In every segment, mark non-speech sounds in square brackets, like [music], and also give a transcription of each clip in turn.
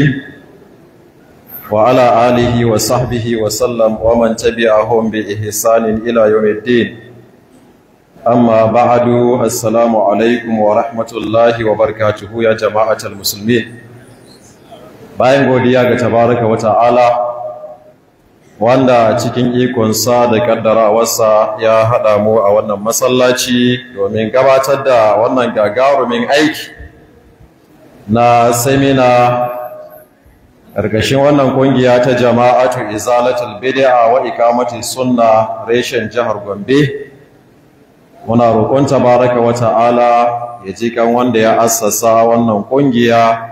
الرحيم وعلى آله وصحبه وسلم ومن تبعهم بإحسان إلى يوم الدين أما بعد السلام عليكم ورحمة الله وبركاته يا جماعة المسلمين bayan godiya ga tabaraka wa ta'ala wanda cikin ikonsa da kaddarawarsa ya haɗa mu a wannan masallaci domin gabatar da wannan gagarumin aiki na semina ƙarƙashin wannan ƙungiya ta jama'atu izalatul bid'a wa iqamati sunna reshen jihar Gombe muna roƙon tabaraka wa ta'ala ya ji kan wanda ya assasa wannan ƙungiya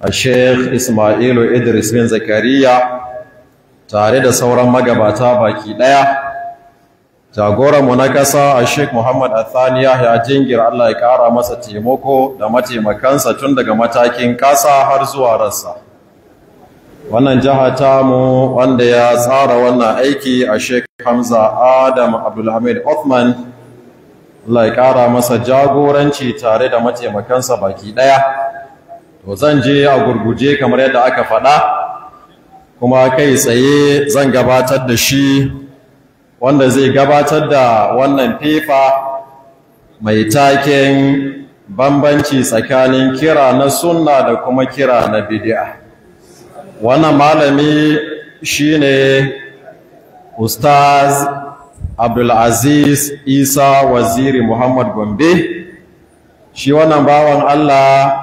a Sheikh Ismailu Idris bin Zakariya tare da sauran magabata baki ɗaya mu na ƙasa a Sheikh Muhammad Athani ya jingir Allah ya ƙara masa taimako da mataimakansa tun daga matakin ƙasa har zuwa rassa wannan jiha tamu wanda ya tsara wannan aiki a Sheikh Hamza Adam Abdulhamid Othman Allah ya ƙara masa jagoranci tare da mataimakansa baki ɗaya to zan je a gurguje kamar yadda aka faɗa kuma kai tsaye zan gabatar da shi wanda zai gabatar da wannan fefa mai taken bambanci tsakanin kira na sunna da kuma kira na bidi'a. wannan malami shine ustaz abdulaziz isa waziri muhammad gombe shi wannan bawan allah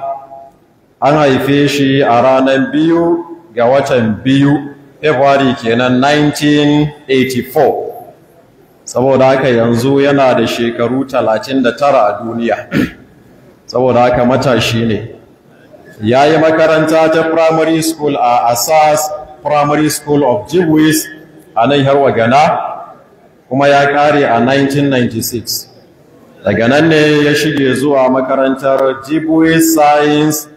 an haife shi a ranar biyu ga watan biyu february kenan 1984 saboda haka yanzu yana da shekaru 39 a duniya saboda haka matashi ne ya yi makaranta ta primary school a asas primary school of jibwis a nan harwa gana kuma ya kare a 1996 daga nan ne ya shige zuwa makarantar jibwis science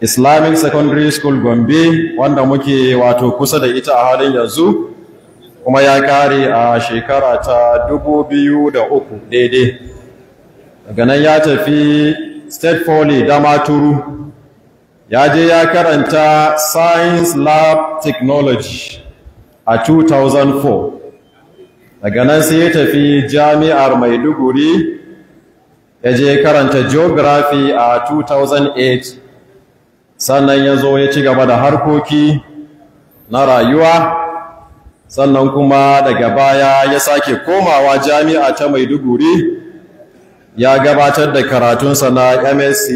islamic secondary school gombe wanda muke wato kusa da ita a halin yanzu kuma ya kare a shekara ta 2003 daidai daga nan ya tafi state poly damaturu ya je ya karanta science lab technology a 2004 daga nan sai ya tafi jami'ar maiduguri ya je karanta geography a 2008 sannan ya zo ya ci gaba da harkoki na rayuwa sannan kuma daga baya ya sake komawa jami'a ta maiduguri ya gabatar da karatunsa na msc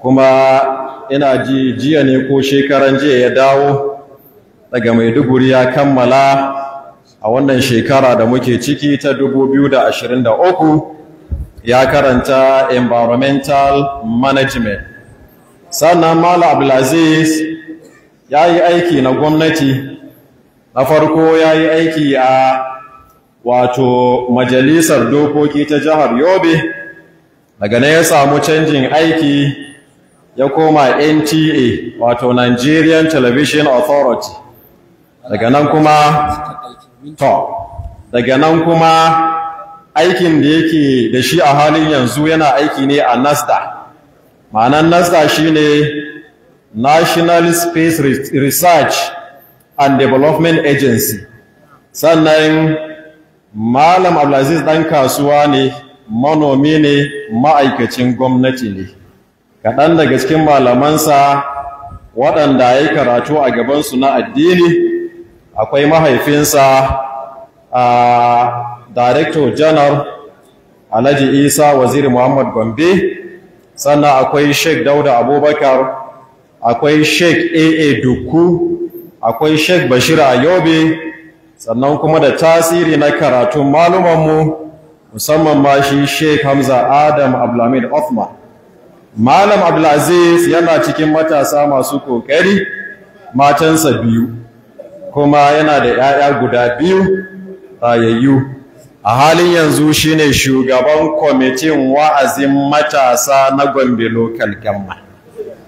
kuma ina ji jiya ne ko shekaran jiya ya dawo daga maiduguri ya kammala a wannan shekara da muke ciki ta 2023 ya karanta environmental management sannan mala abdulaziz ya yi aiki na gwamnati na farko ya yi aiki a wato majalisar dokoki ta jihar yobe daga na ya samu canjin aiki ya koma nta wato nigerian television authority daga nan kuma to daga nan kuma aikin da yake da shi a halin yanzu yana aiki ne a nasda ma'anan nasda shine national space research and development agency sannan malam abdulaziz ɗan kasuwa ne manomi ne ma'aikacin gwamnati ne kaɗan daga cikin malamansa waɗanda ya yi karatu a gabansu na addini akwai mahaifinsa a director janar, alhaji isa waziri muhammad gombe sannan akwai sheik dauda abubakar akwai sheik aa Dukku, akwai sheik bashir ayobe sannan kuma da tasiri na karatun malumanmu musamman ma shi Sheikh Hamza Adam Abdulhamid Othman Malam Abdulaziz yana cikin matasa masu kokari matansa biyu kuma yana da 'ya'ya guda biyu rayayyu a halin yanzu shine shugaban kwamitin wa'azin matasa na Gombe Lokal Gamma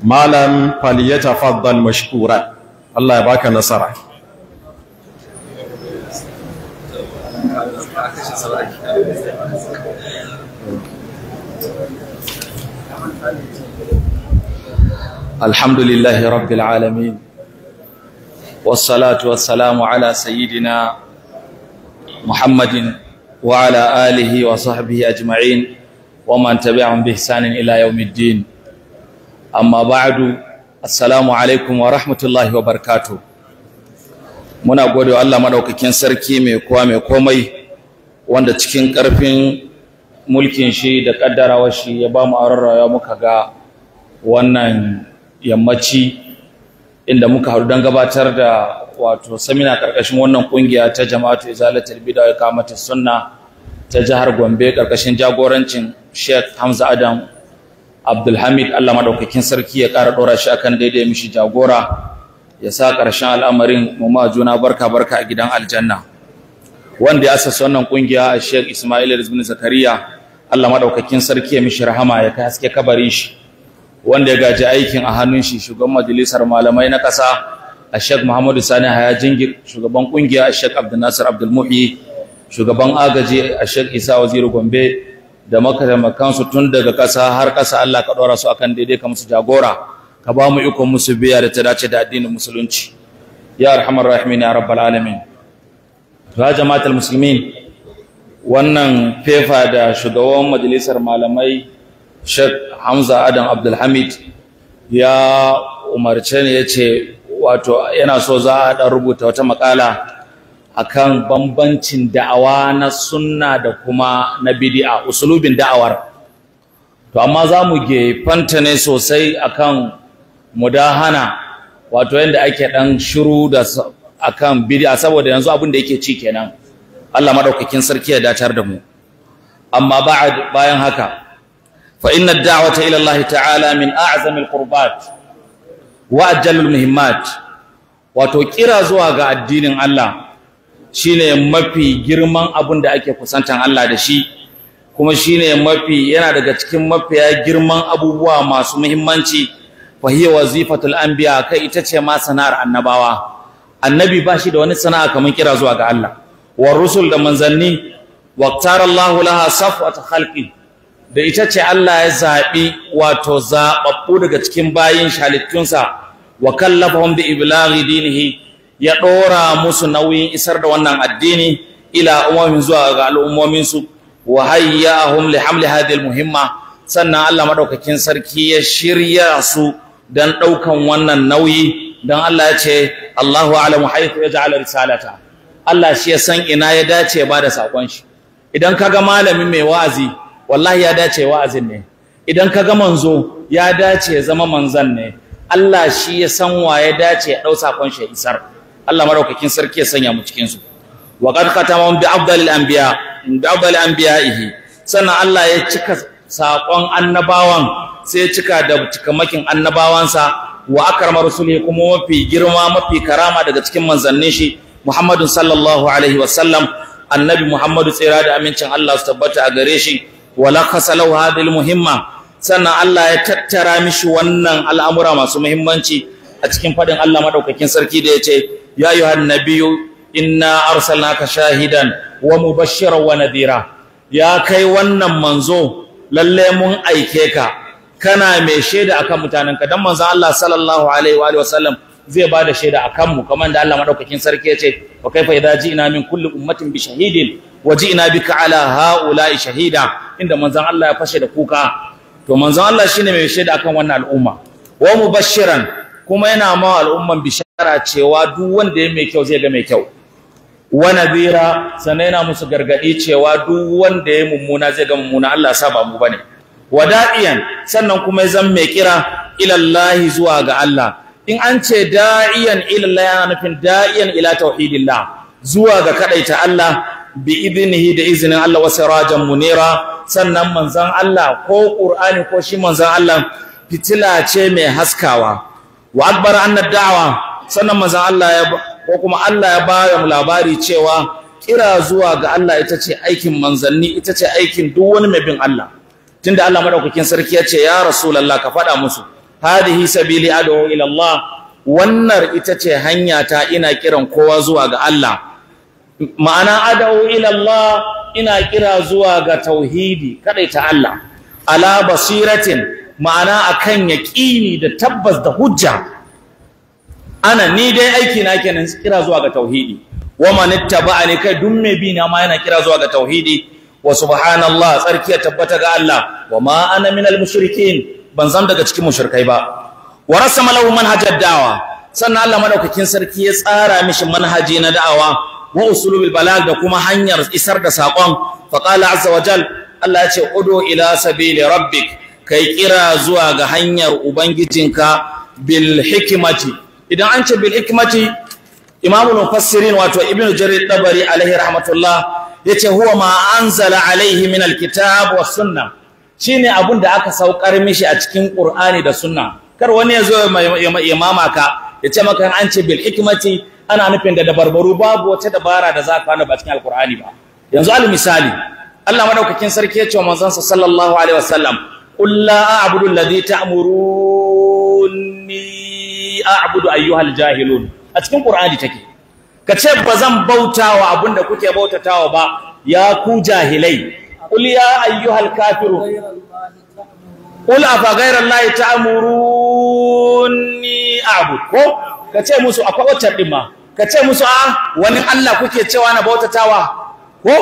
Malam falyatafaddal mashkura Allah ya baka nasara a kashe saurari الحمد لله رب العالمين والصلاة والسلام على سيدنا محمد وعلى آله وصحبه أجمعين ومن تبعهم بإحسان إلى يوم الدين أما بعد السلام عليكم ورحمة الله وبركاته muna gode wa Allah madaukakin sarki mai kowa mai komai wanda cikin ƙarfin mulkin shi da ƙaddarawar shi ya ba mu aron rayuwa muka ga wannan yammaci inda muka haɗu don gabatar da wato samina ƙarƙashin wannan ƙungiya ta jama'atu izalatul bid'a wa iqamatus sunna ta jihar Gombe ƙarƙashin jagorancin Sheikh Hamza Adam Abdulhamid Allah maɗaukakin sarki ya ƙara ɗora shi akan daidai mishi jagora ya sa ƙarshen al'amarin mu ma juna barka barka a gidan aljanna wanda ya asasa wannan kungiya Sheikh Ismail Rizmin Zakariya Allah madaukakin sarki ya mishi rahama ya kai haske kabarin shi wanda ya gaji aikin a hannun shi shugaban majalisar malamai na kasa Sheikh Muhammadu Sani Haya Jingir shugaban kungiya Sheikh Abdul Nasir Abdul Muhi shugaban agaji a Sheikh Isa Waziri Gombe da makaramakan su tun daga kasa har kasa Allah ka dora su akan daidai ka musu jagora ka ba mu ikon musu biya da ta dace da addinin musulunci ya arhamar rahimin ya rabbal alamin ya jama'atul Musulmin, wannan fefa da shugaban majalisar malamai Sheikh Hamza Adam Abdulhamid ya umarce ne yace wato yana so za a dan rubuta wata makala akan bambancin da'awa na sunna da kuma na bidi'a usulubin da'awar to amma za mu gefanta ne sosai akan mudahana wato yadda ake ɗan shiru da akan bid'a saboda yanzu abin da yake ci kenan Allah madaukakin sarki ya dacar da mu amma ba'ad bayan haka fa inna ad-da'wata ila Allah ta'ala min a'zami al-qurbat wa ajall al-muhimmat wato kira zuwa ga addinin Allah shine mafi girman abin da ake kusantan Allah da shi kuma shine mafi yana daga cikin mafiya girman abubuwa masu muhimmanci fa hiya wazifatul anbiya kai ita ce ma sanar annabawa annabi ba shi da wani sana'a kamar kira zuwa ga Allah wa rusul da manzanni wa tarallahu laha safwat khalqi da ita ce Allah ya zabi wato zababbu daga cikin bayin shalittunsa wa kallafahum bi iblaghi dinihi ya dora musu nauyin isar da wannan addini ila umamin zuwa ga al'ummomin su wa hayyahum li hamli hadhihi muhimma sannan Allah madaukakin sarki ya shirya su dan daukan wannan nauyi don Allah ya ce Allahu a'lamu ya yaj'al risalata Allah shi ya san ina ya dace ba da sakon shi idan ka ga malamin mai wa'azi wallahi ya dace wa'azin ne idan ka ga manzo ya dace ya zama manzan ne Allah shi ya san wa ya dace ya dau sakon shi isar Allah maraukakin sarki ya sanya mu cikin su wa qad khatama bi afdalil anbiya sannan Allah ya cika sakon annabawan sai ya cika da cikamakin annabawansa wa akrama rasuli kuma mafi girma mafi karama daga cikin manzannin shi Muhammadu sallallahu alaihi wasallam annabi Muhammadu tsira da amincin Allah su tabbata a gare shi wala khasalau hadil muhimma sannan Allah ya tattara mishi wannan al'amura masu muhimmanci a cikin fadin Allah madaukakin sarki da yace ya ayyuhan nabiyyu inna arsalnaka shahidan wa mubashiran wa nadira ya kai wannan manzo lalle mun aike ka kana mai shaida akan mutanenka dan manzon Allah sallallahu alaihi wa sallam zai bada shaida akan mu kamar da Allah madaukakin sarki ya ce wa kaifa idza ji'na min kulli ummatin bi shahidin wa ji'na bika ala haula'i shahida inda manzon Allah ya fashe da kuka to manzon Allah shine mai shaida akan wannan al'umma wa mubashiran kuma yana ma al'umman bishara cewa duk wanda ya mai kyau zai ga mai kyau wa nadira sanaina musu gargadi cewa duk wanda ya mummuna zai ga mummuna Allah ya sa ba mu bane wada'iyan sannan kuma ya mai kira ilallahi zuwa ga Allah in an ce da'iyan ila Allah yana nufin da'iyan ila tauhidillah zuwa ga kadaita Allah bi idnihi da iznin Allah wa sirajan munira sannan manzan Allah ko Qur'ani ko shi manzan Allah fitila ce mai haskawa wa akbar anna da'wa sannan manzon Allah ya ko kuma Allah ya ba mu labari cewa kira zuwa ga Allah ita ce aikin manzanni ita ce aikin duk wani mai bin Allah tunda Allah madaukakin sarki ya ce ya rasulullah ka faɗa musu hadihi sabili ad'u ila Allah wannan ita ce hanya ta ina kiran kowa zuwa ga Allah ma'ana ad'u ila Allah ina kira zuwa ga tauhidi kadai ta Allah ala basiratin ma'ana akan yaqini da tabbas da hujja ana ni dai aiki na kenan kira zuwa ga tauhidi wa man ittaba'ani kai duk mai bi na ma yana kira zuwa ga tauhidi wa subhanallah tsarki ya tabbata ga Allah wa ma ana minal mushrikin ban zan daga cikin mushrikai ba wa rasama lahu manhajad da'wa sannan Allah madaukakin sarki ya tsara mishi manhaji na da'awa wa usulul balagh da kuma hanyar isar da sakon fa qala azza wa jal Allah ya ce udu ila sabili rabbik kai kira zuwa ga hanyar ubangijinka bil hikmati idan an ce bil hikmati imamul mufassirin wato ibnu jarir dabari alaihi rahmatullah yace huwa ma anzala alaihi min alkitab was sunnah shine abun da aka saukar mishi a cikin qur'ani da sunna kar wani yazo ya mamaka yace maka an ce bil hikmati ana nufin da dabarbaru babu wata dabara da za ka ba cikin Alkur'ani ba yanzu al misali Allah madaukakin sarki yace wa manzon sa sallallahu alaihi wasallam qul la a'budu alladhi ta'muruni a'budu ayyuhal jahilun a cikin qur'ani take ka ce ba zan bautawa abinda kuke bautatawa ba ya ku jahilai qul ya ayyuhal kafirun qul afa ghayrallahi ta'muruni abu. ko ka ce musu akwai wata dima ka ce musu a ah, wani Allah kuke cewa na bautatawa ko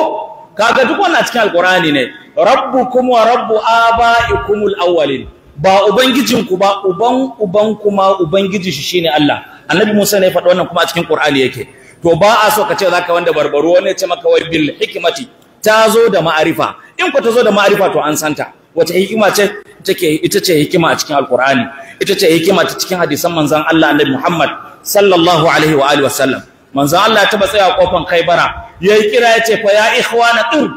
kaga duk wannan cikin alqur'ani ne rabbukum wa rabbu abaikumul awwalin ba ubangijinku ba uban uban kuma ubangiji shi shine Allah annabi Musa ne ya faɗi wannan kuma a cikin Qur'ani yake to ba a so ka ce zaka wanda barbaro wani ya ce maka wai bil hikmati ta zo da ma'arifa in ku ta zo da ma'arifa to an santa wace hikima ce take ita ce hikima a cikin alqur'ani ita ce hikima ta cikin hadisan manzon Allah annabi Muhammad sallallahu alaihi wa alihi wasallam manzon Allah ta batsaya kofan Khaibara yayi kira yace fa ya ikhwana tur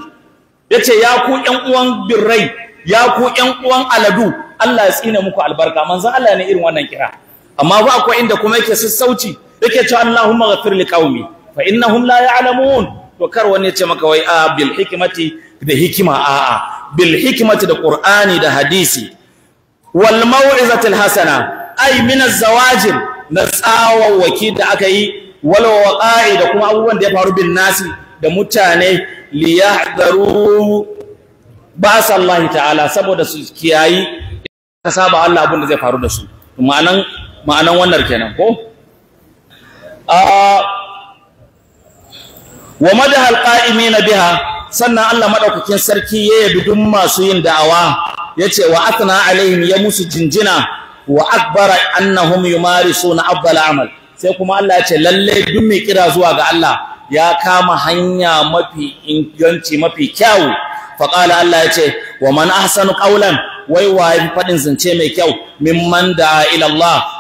yace ya ku ƴan uwan birrai ya ku ƴan uwan aladu Allah ya tsine muku albarka manzon Allah ne irin wannan kira amma ba akwai inda kuma yake sassauci yake cewa Allahumma ghafir li qaumi fa innahum la ya'lamun to kar wani ya maka wai a ah, bil hikmati da hikima a a bil hikmati da qur'ani da hadisi wal mau'izatil hasana ay min az-zawajib da da aka yi wal waqa'i da kuma abubuwan da ya faru bin nasi da mutane li yahdaru ba sallahi ta'ala saboda su kiyayi ka saba Allah abin da zai faru da su ma'anan ma'anan wannan kenan ko wa madahal qa'imina biha sannan Allah madaukakin sarki ya yabi duk masu yin da'awa yace wa athna alaihim ya musu jinjina wa akbara annahum yumarisuna afdal amal sai kuma Allah yace lalle duk mai kira zuwa ga Allah ya kama hanya mafi inganci mafi kyau faƙala Allah yace wa man ahsanu ƙaulan wai waye fadin zance mai kyau mimman da ila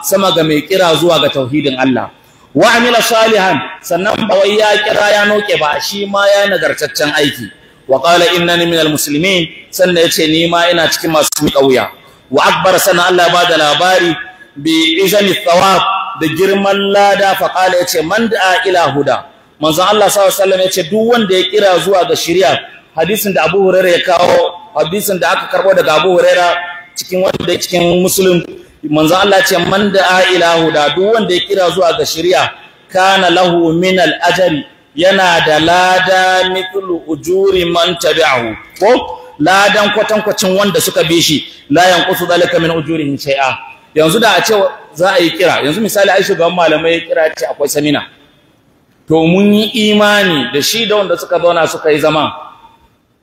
sama ga mai kira zuwa ga tauhidin Allah wa amila salihan sannan ba ya kira ya noke ba shi ma ya nagartaccen aiki wa qala innani minal muslimin sannan yace ni ma ina cikin masu kauya wa akbar sana Allah ba da labari bi izani thawab da girman lada fa qala yace man da'a ila huda manzo Allah sallallahu alaihi wasallam yace duk wanda ya kira zuwa ga shari'a hadisin da Abu Hurairah ya kawo hadisin da aka karbo daga Abu Hurairah cikin wanda cikin muslim manzo Allah ce man da ilahu da duk wanda ya kira zuwa ga shari'a kana lahu min al ajali yana da lada mithlu ujuri man tabi'ahu ko ladan kwatankwacin wanda suka bi shi la yanqusu zalika min ujurihim shay'a yanzu da a ce za a yi kira yanzu misali ai shugaban malamai ya kira ce akwai samina to mun yi imani da shi da wanda suka zauna suka yi zama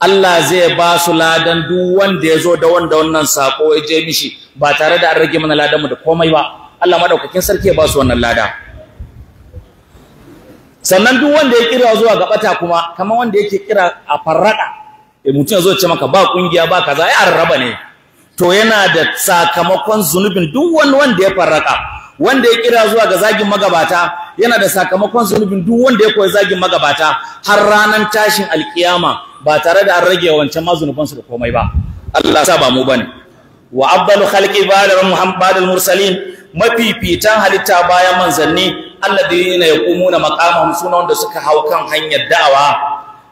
Allah zai ba su ladan duk wanda ya zo da wanda wannan sako ya je mishi ba tare da an rage mana ladan mu da komai ba Allah madaukakin sarki ya ba su wannan lada sannan duk wanda ya kira zuwa ga bata kuma kamar wanda yake kira a farraka e eh, mutum ya zo ce maka ba kungiya ba kaza ai arraba ne to yana da sakamakon zunubin duk wani wanda ya farraka wanda ya kira zuwa ga zagin magabata yana da sakamakon zunubin duk wanda ya koyi zagin magabata har ranan tashin alkiyama ba tare da an rage wancan mazunuban su da komai ba Allah sa ba mu bane wa afdalu khalqi ba'da al mursalin mafifitan halitta bayan manzanni alladina yaqumuna maqamahum suna wanda suka hau kan hanyar da'awa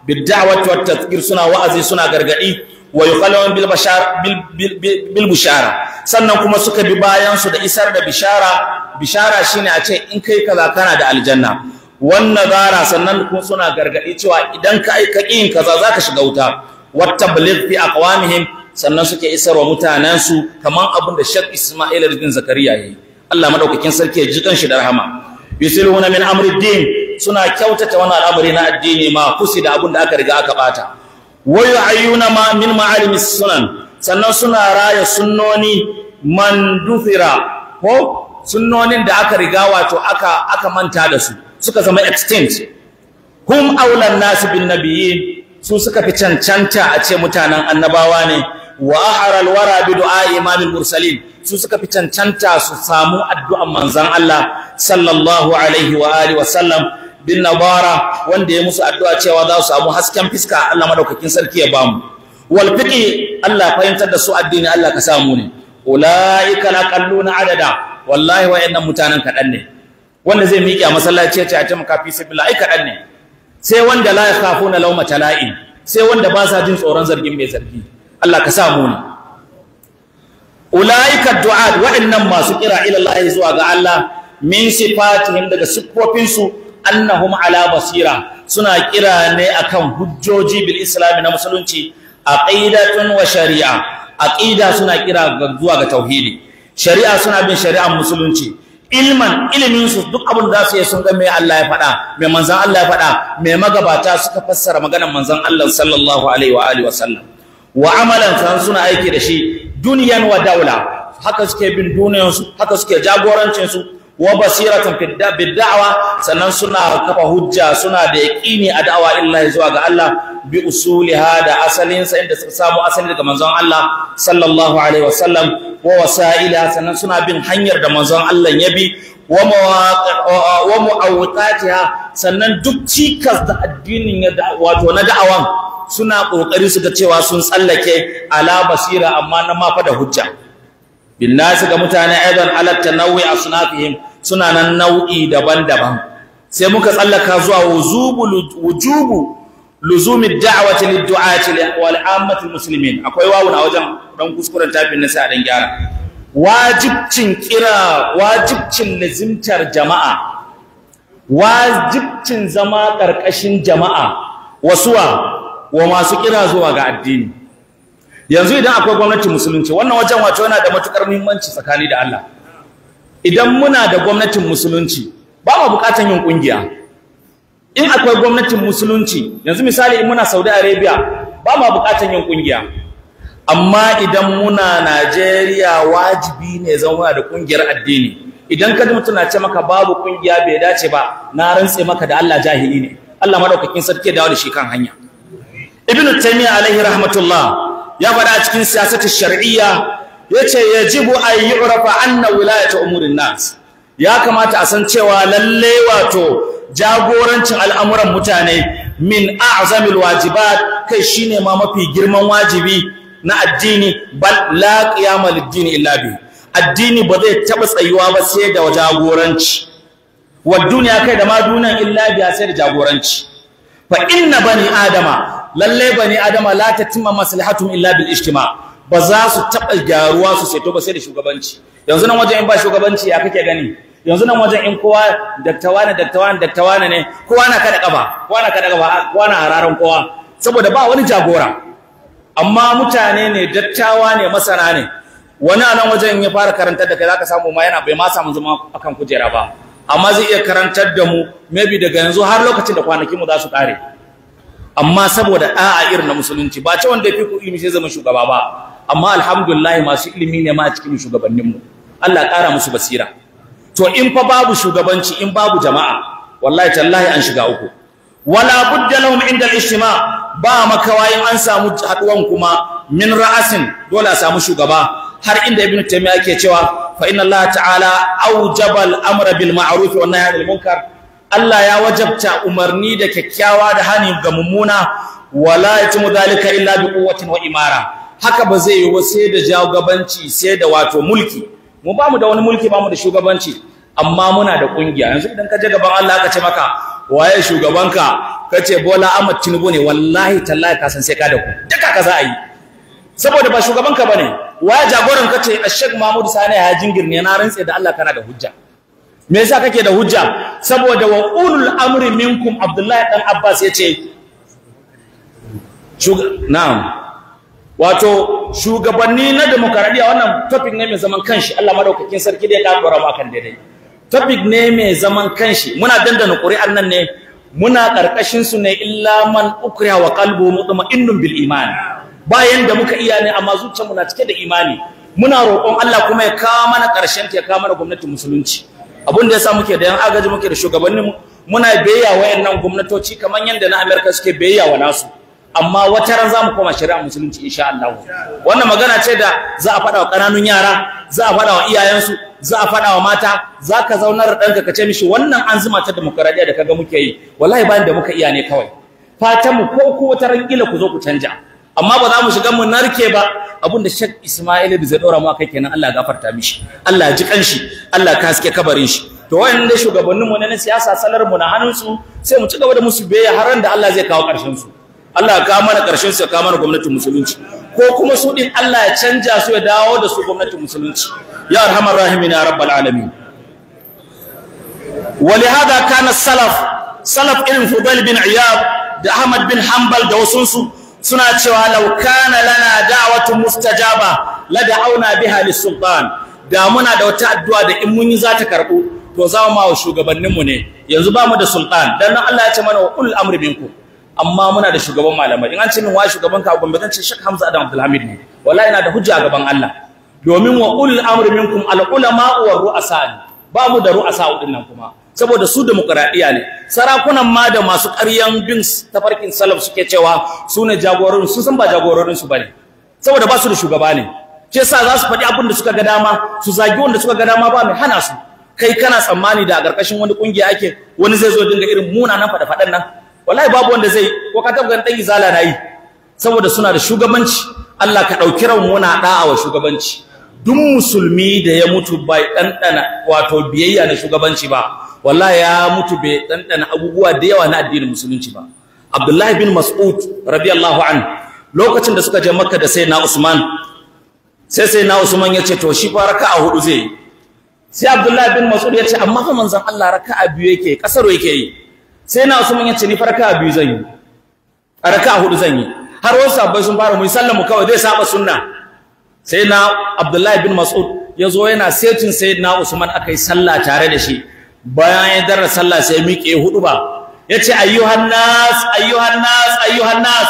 bid'awati wat tadhkir suna wa'azi suna gargadi wa yuqalun bil bashar bil bushara sannan kuma suka bi bayan su da isar da bishara bishara shine a ce in kai kaza kana da aljanna wannan gara sannan kun suna gargadi cewa idan ka aika kin kaza zaka shiga wuta wattabligh fi aqwamihim sannan suke isarwa su, kaman abin da Sheikh Ismail bin Zakariya yayi Allah madaukakin sarki ya ji shi da rahama yusiluna min din suna kyautata wannan al'amari na addini ma kusi da abin da aka riga aka bata wayu ayuna ma min ma'alimis sunan sannan suna raya sunnoni mandufira ko sunnonin da aka riga wato aka aka manta da su suka zama extinct hum aulan nasu bin nabiyyi su suka fi cancanta a ce mutanen annabawa ne wa aharal wara bi du'a imamul mursalin su suka fi cancanta su samu addu'an manzon Allah sallallahu alaihi wa alihi wa sallam bin nabara wanda ya musu addu'a cewa za su samu hasken fiska Allah madaukakin sarki ya bamu wal fiqi Allah fahimtar da su addini Allah ka samu ne ulaika laqalluna adada wallahi wa'annan mutanen kadan ne wanda zai miƙe a masallaci ya ce a taimaka fi sabila ai kaɗan ne sai wanda la yakhafuna lawma tala'i sai wanda ba sa jin tsoron zargin mai zargi Allah ka sa mu ne ulaika du'at wa'annan masu kira ila Allah zuwa ga Allah min sifatihim daga siffofin su annahum ala basira suna kira ne akan hujjoji bil islam na musulunci aqidatun wa shari'a aqida suna kira zuwa ga tauhidi shari'a suna bin shari'ar musulunci ilman ilimin duk abin da su yi sun ga mai Allah ya faɗa me manzan Allah ya faɗa mai magabata suka fassara maganar manzan Allah sallallahu alaihi wa alihi wa amalan san suna aiki da shi duniyan wa daula haka suke bin duniyar su haka suke jagorancinsu, wa basiratan bid da'wa sannan suna kafa hujja suna da yaqini a da'awa illahi zuwa ga Allah bi usuliha da asalinsa inda suka samu asali daga manzon Allah sallallahu alaihi wasallam wa wasaila sannan suna bin hanyar da manzon Allah ya bi wa mu'awqatiha sannan duk cikas da addinin ya wato na da'awan suna kokari su ga cewa sun tsallake ala basira amma na mafa da hujja bin nasu ga mutane aidan ala tanawwi asnafihim suna nan nau'i daban-daban sai muka tsallaka zuwa wujubu luzumi da'wati lid-du'ati wal ammati muslimin akwai wawu wajen dan kuskuren tafin nasa dan gyara wajibcin kira wajibcin lazimtar jama'a wajibcin zama karkashin jama'a wasuwa wa masu kira zuwa ga addini yanzu idan akwai gwamnati musulunci wannan wajen wato yana da matukar muhimmanci tsakani da Allah idan muna da gwamnatin musulunci ba mu bukatan yin kungiya in akwai gwamnatin musulunci yanzu misali in muna Saudi Arabia ba ma bukatan yin kungiya amma idan muna Najeriya wajibi ne zama da kungiyar addini idan ka mutum na ce maka babu kungiya bai dace ba na rantse maka da Allah jahili ne Allah madaukakin sarki ya dawo da shi kan hanya Ibn Taymiya alaihi rahmatullah ya faɗa a cikin siyasatu shar'iyya yace yajibu an yu'rafa anna wilayatu umurin nas ya kamata a san cewa lalle wato jagorancin al'amuran mutane min a'zamil wajibat kai shine ma mafi girman wajibi na addini bal laƙiya qiyamal illa addini ba zai taɓa tsayuwa ba sai da jagoranci wa duniya kai da ma dunan illa bi sai da jagoranci fa inna bani adama lalle bani adama la tatimma maslahatum illa bil ijtima ba za su taɓa gyaruwa su seto ba sai da shugabanci yanzu nan wajen in ba shugabanci ya kake gani yanzu nan wajen in kowa daktawa ne daktawa ne daktawa ne kowa na kada kafa kowa na kada kafa kowa na hararan kowa saboda ba wani jagora amma mutane ne dattawa ne masana ne wani a nan wajen ya fara karantar da kai zaka samu ma yana bai ma samu zama akan kujera ba amma zai iya karantar da mu maybe daga yanzu har lokacin da kwanaki mu za su kare amma saboda da'a irin na musulunci ba ce wanda ya ku ilimi sai zama shugaba ba amma alhamdulillah masu ilimi ne ma a cikin shugabanninmu Allah ƙara musu basira to in fa babu shugabanci in babu jama'a wallahi tallahi an shiga uku wala budda lahum inda al-ijtima ba in an samu haduwan kuma min ra'asin dole a samu shugaba har inda ibnu taymiya yake cewa fa inna allaha ta'ala awjaba al-amra bil ma'ruf wa nahya 'anil munkar Allah ya wajabta umarni da kyakkyawa da hani ga mummuna wala yatimu dhalika illa bi quwwatin wa imara haka ba zai yi ba sai da jagabanci sai da wato mulki mu ba mu da wani mulki ba mu da shugabanci amma muna da kungiya yanzu idan ka je gaban Allah ka ce maka waye shugabanka ka ce Bola Ahmed Tinubu ne wallahi tallahi ka san sai ka da ku duka ka za a yi saboda ba shugabanka bane waye jagoran ka ce Sheikh Mahmud Sani ya jingir ne na rantse da Allah kana da hujja me yasa kake da hujja saboda wa ulul amri minkum Abdullahi dan Abbas yace na'am wato shugabanni na demokaradiyya wannan topic ne mai zaman kanshi Allah madaukakin sarki da ya dakura makan kan daidai topic ne mai zaman kanshi muna dandana qur'an nan ne muna karkashin su ne illa man ukriya wa qalbu mutma'innun bil iman bayan da muka iya ne amma zuciyarmu na cike da imani muna roƙon Allah kuma ya kawo mana ƙarshen ta ya kawo mana gwamnatin musulunci abin da yasa muke da yan agaji muke da shugabanni muna bayyana wayannan gwamnatoci kamar yanda na America suke bayyana wa nasu amma wata ran zamu koma shari'ar musulunci insha Allah wannan magana ce da za a fada wa ƙananun yara za a faɗa wa iyayensu za a fada wa mata za ka zaunar da ɗanka ka ce mishi wannan an zuma ta demokradiya da kaga muke yi wallahi bayan da muka iya ne kawai fatan mu ko ko wata ran kila ku zo ku canja amma ba za mu shiga mu narke ba abinda Sheikh Ismail da zai dora mu kai kenan Allah ya gafarta mishi Allah ya ji kanshi Allah ka haske kabarin shi to wayan da shugabanninmu na siyasa salar mu na hannunsu sai mu ci gaba da musu biyayya har da Allah zai kawo karshen su Allah ya ka mana ƙarshen su ka mana gwamnatin musulunci ko kuma su din Allah ya canja su ya dawo da su gwamnatin musulunci ya arhamar rahimi ya rabbal alamin hada kana salaf, Salaf ابن فضيل bin عياض da Ahmad bin Hanbal da wasunsu suna cewa law kana lana da'watu mustajaba la da'awna biha lis-sultan da muna da wata addu'a da in mun yi za ta karbu to za mu ma shugabanninmu ne yanzu ba mu da sultan dan Allah ya ce mana wa ul amri minkum amma muna da shugaban malamai in an ce min wa shugaban ka gombe zan ce Sheikh Hamza Adam Abdulhamid ne wallahi ina da hujja gaban Allah domin wa ul amr minkum al ulama wa ru'asa ba mu da ru'asa din nan kuma saboda su demokradiya ne sarakunan ma da masu ƙaryan bin tafarkin salaf suke cewa su ne jagororin su san ba jagororin su bane saboda ba su da shugaba ne shi sa za su faɗi abin da suka ga dama su zagi wanda suka ga dama ba mai hana su kai kana tsammani da a ƙarƙashin wani ƙungiya ake wani zai zo dinga irin munanan faɗa faɗen nan wallahi babu wanda zai ko ka tabbata dan izala na yi saboda suna da shugabanci Allah ka dauki ran muna da'a wa shugabanci duk musulmi da ya mutu bai dandana wato biyayya da shugabanci ba wallahi ya mutu bai dandana abubuwa da yawa na addinin musulunci ba Abdullahi bin Mas'ud radiyallahu anhu lokacin da suka je Makka da Sayyidina Usman sai Sayyidina Usman ya to shi fa raka'a hudu zai sai Abdullahi bin Mas'ud ya ce amma fa manzon Allah raka'a biyu yake kasaro yake yi sai na usman ya ce ni farka biyu zan yi a raka hudu zan yi har wasu abai sun fara mu sallamu kawai zai saba sunna sai na abdullahi bin mas'ud ya zo yana setin sayyidina usman akai sallah tare da shi bayan ya darra sallah sai miƙe hudu ba yace ayyuhan nas ayyuhan nas ayyuhan nas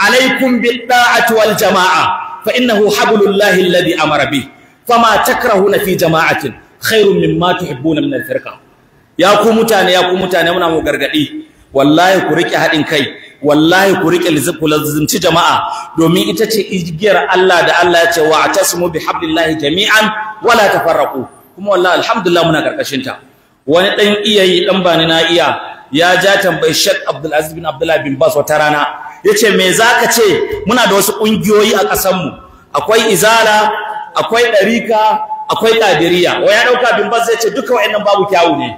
alaikum bidda'ati wal jamaa fa innahu hablullahi alladhi amara bi fama takrahuna fi jama'atin khairun mimma tuhibbuna min al-firqa ya ku mutane ya ku mutane muna mu gargadi wallahi ku rike haɗin kai wallahi ku rike lazimci jama'a domin ita ce igiyar Allah da Allah ya ce wa atasmu bihablillahi jami'an wala tafarraqu kuma wallahi alhamdulillah muna karkashin ta wani dan iyayi dan bani na iya ya ja tambayi Sheikh Abdul Aziz bin Abdullah bin Bas wata rana yace me zaka ce muna da wasu kungiyoyi a kasar mu akwai izala akwai ɗarika akwai Wa ya ɗauka bin bas yace ce duka wa'annan babu kyawu ne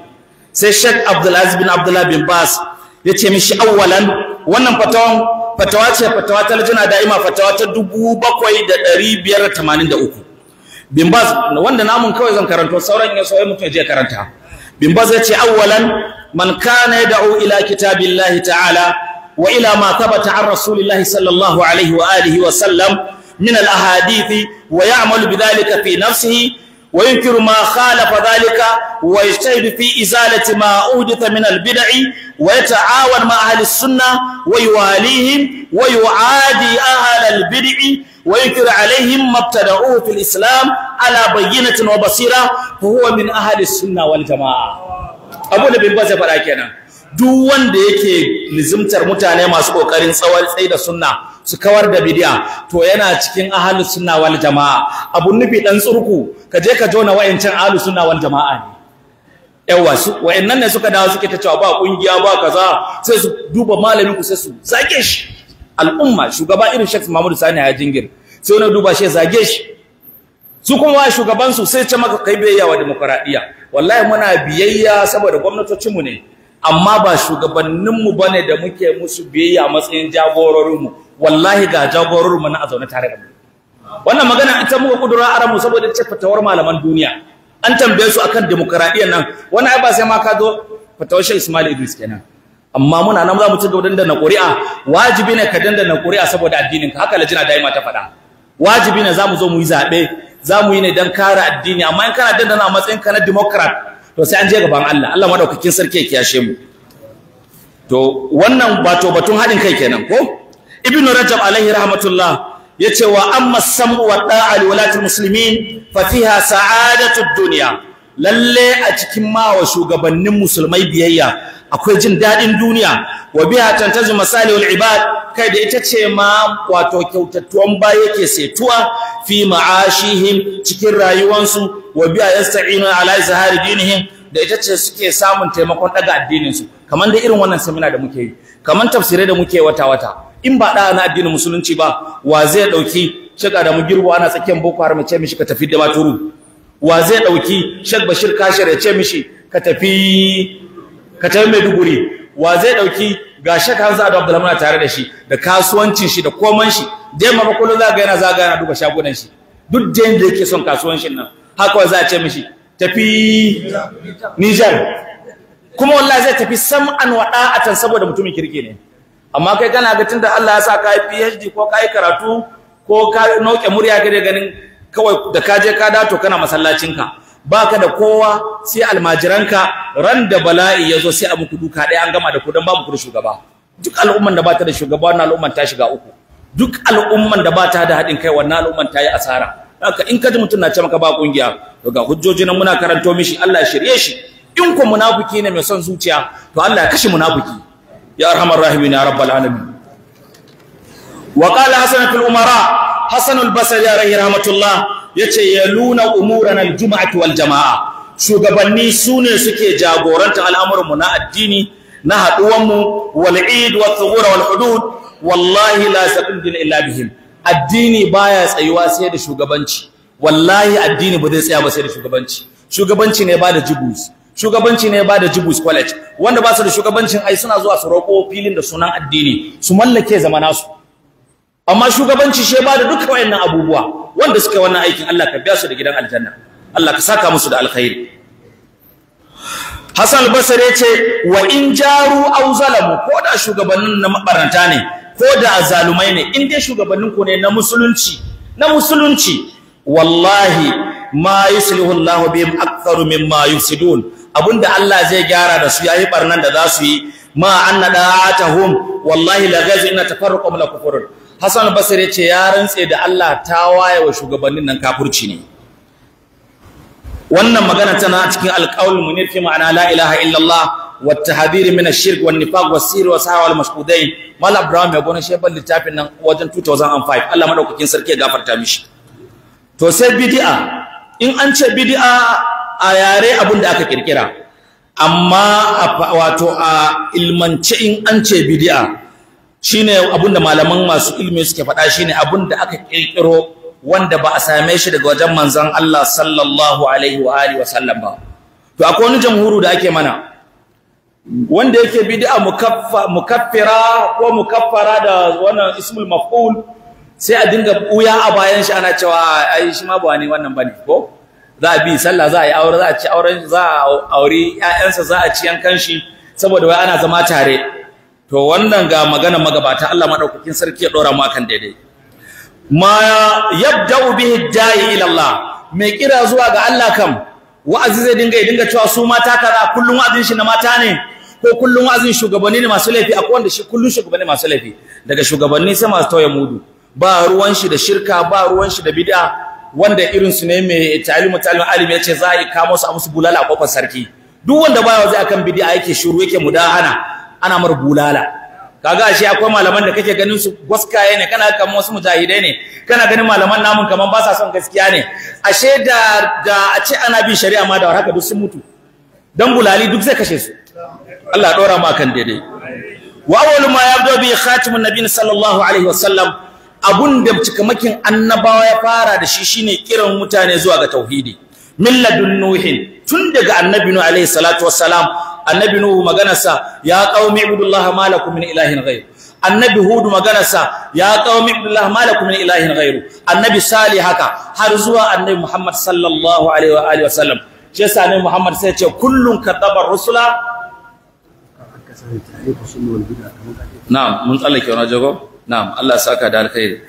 sai shek abdullazi bin Abdullah bin Bas ya ce mishi awwalan wannan fatawan fatawa ce fatawa ta lajina da'ima fatawa ta 7583 bin Bas wanda namun kawai zan karanto sauran ya so ya mutum ya karanta bin Bas ya ce awwalan man kana yad'u ila kitabillahi ta'ala wa ila ma thabata an rasulillahi sallallahu alaihi wa alihi wa sallam min al-ahadithi wa ya'malu bidhalika fi nafsihi وينكر ما خالف ذلك ويجتهد في إزالة ما أحدث من البدع ويتعاون مع أهل السنة ويواليهم ويعادي أهل البدع وينكر عليهم ما ابتدعوه في الإسلام على بينة وبصيرة فهو من أهل السنة والجماعة أبو نبي بازي فراكينا دوان ديكي yake lizimtar ما سبو كارين سوال سيدة da su kawar da bid'a to yana cikin ahlus sunna wal jamaa Abu nufi dan tsurku ka je ka jona wayancan ahlus sunna wal jamaa ne yawa su wayannan ne suka dawo suke ta cewa ba kungiya ba kaza sai su duba malamin ku sai su zage shi al'umma shugaba irin Sheikh Muhammad Sani ya jingir sai na duba shi zage shi su kuma shugaban su sai ce maka kai biyayya wa demokradiya wallahi muna biyayya saboda gwamnatocin mu ne amma ba shugabanninmu ba ne da muke musu biyayya matsayin jagororinmu wallahi ga jagororinmu na a zaune tare da mu wannan magana ita muka kudura aramu saboda ce fatawar malaman duniya an tambaye su akan demokradiyyar nan wani ai ba sai ma ka zo fatawar shi Ismail Idris kenan amma muna nan za mu ci gaba na ƙuri'a wajibi ne ka dandana ƙuri'a saboda addinin ka haka lajina daima ta faɗa wajibi ne za mu zo mu yi zaɓe za mu yi ne don kare addini amma in kana dandana matsayin ka na democrat to sai an je gaban Allah Allah madaukakin sarki ya kiyashe mu to wannan wato batun haɗin kai kenan ko ibnu rajab alaihi rahmatullah yace wa amma sam'u wa da'a li walati muslimin fa fiha sa'adatu dunya lalle a cikin ma wa shugabannin musulmai biyayya akwai jin dadin duniya wa biya tantazu masalihul ibad kai da ita ce ma wato kyautattuwan ba yake setuwa fi ma'ashihim cikin rayuwansu wa biya yasta'inu ala zahari dinihim da ita ce suke samun taimakon daga addinin su kaman da irin wannan seminar da muke yi kaman tafsirai da muke wata wata in ba da na addinin musulunci ba wa zai dauki shiga da mu girbo ana tsakiyar boko haram ce mishi ka tafi da baturu wa zai dauki shak bashir kashir ya ce mishi ka tafi ka tafi Maiduguri wa zai dauki ga Sheikh Hamza Abdul Abdulrahman tare da shi da kasuwancin shi da koman shi da yamma fa kullun za ga yana zaga yana duba shagunan shi duk da yanda yake son kasuwancin nan haka za a ce mishi tafi Niger kuma wallahi zai tafi sam'an wa da'atan saboda mutumin kirki ne amma kai kana ga tunda Allah ya sa ka PhD ko kai karatu ko ka nauke murya gare ganin kawai da ka je ka dato kana masallacinka baka da kowa sai almajiranka ran da bala'i yazo sai a muku duka ɗaya an gama da ku dan babu ku da shugaba duk al'umman da bata da shugaba wannan al'umman ta shiga uku duk al'umman da bata da haɗin kai wannan al'umman ta yi asara haka in kaji mutum na ce maka ba kungiya to ga hujjoji nan muna karanto mishi Allah ya shirye shi in ku munafiki ne mai son zuciya to Allah ya kashe munafiki ya arhamar rahimin ya rabbal alamin qala hasanatul umara al Basri alaihi rahmatullah yace yaluna umuran aljum'ati wal jamaa shugabanni sune suke jagoranta al'amuran mu na addini na haduwan mu wal eid wa thuhur wal hudud wallahi la saqdin illa bihim addini baya tsayuwa sai da shugabanci wallahi addini ba zai tsaya ba sai da shugabanci shugabanci ne ba da jibus shugabanci ne ba da Jibus College wanda ba su da shugabancin ai suna zuwa su roko filin da sunan addini su mallake zamana amma shugabanci shi ba da duka wayannan abubuwa wanda suka wannan aikin Allah ka biya su da gidan aljanna Allah ka saka musu da alkhairi Hassan al-Basri yace wa in jaru aw zalamu ko da shugabannin na mabaranta ne ko da azalumai ne in dai shugabannin ku ne na musulunci na musulunci wallahi ma yuslihu Allahu bihim aktharu mimma yufsidun abunda Allah zai gyara da su yayi barnan da za su yi ma anna da'atuhum wallahi la ghazina tafarruqum la kufurun Hassan Basir ya ce ya rantse da Allah ta waye wa shugabannin nan kafirci ne wannan magana tana cikin alqaul munir fi ma'ana la ilaha illallah wa tahdhir min ash-shirk an nifaq was sir wa sa'a wal mashqudain mal abraham ya gona ban littafin nan wajen 2005 Allah madaukakin sarki ya gafarta mishi to sai bid'a in an ce bid'a a yare abin da aka kirkira amma wato a ilmance in an ce bid'a shine abinda malaman masu ilimi suke faɗa shine abinda aka kirkiro wanda ba a same shi daga wajen manzon Allah sallallahu alaihi wa alihi wa sallam ba to akwai wani jamhuru da ake mana wanda yake bid'a mukaffa mukaffira ko mukaffara da wannan ismul maf'ul sai a dinga buya a bayan shi ana cewa ai shi ma ba ne wannan bane ko za a bi sallah za a yi aure za a ci auren za a aure ƴaƴansa za a ci yankan shi saboda wai ana zama tare to wannan ga magana magabata Allah madaukakin sarki ya dora mu akan daidai ma yabda'u bihi da'i ila Allah mai kira zuwa ga Allah kam wa'azi zai dinga ya dinga cewa su mata kaza kullun wa'azin shi na mata ne ko kullun wa'azin shugabanni ne masu laifi akwai wanda shi kullun shugabanni masu laifi daga shugabanni sai masu tauye mudu ba ruwan shi da shirka ba ruwan shi da bid'a wanda irin su ne mai ta'limu ta'limu alimi yace za a kama su a musu bulala a kofar sarki duk wanda baya zai akan bid'a yake shiru yake mudahana ana mar bulala kaga ashe akwai malaman da kake ganin su waskaye ne kana kamar wasu mujahide ne kana ganin malaman namun kaman ba sa son gaskiya ne ashe da da a ce ana bin shari'a ma da haka duk sun mutu dan bulali duk zai kashe su Allah ya dora ma kan daidai wa awwalu ma yabda bi khatimun nabiyyi sallallahu alaihi wasallam abun da cikamakin annabawa ya fara da shi shine kiran mutane zuwa ga tauhidi milladun nuhin tun daga annabi nuh alaihi salatu wassalam annabi nuhu maganarsa ya qaumi ibudullaha malakum min ilahin ghayr annabi hudu maganarsa ya qaumi ibudullaha malakum min ilahin ghayr annabi salih haka har zuwa annabi muhammad sallallahu alaihi wa alihi wasallam shi yasa annabi muhammad sai ce kullun katabar rusula na'am mun tsallake wannan jago na'am Allah ya saka da alkhairi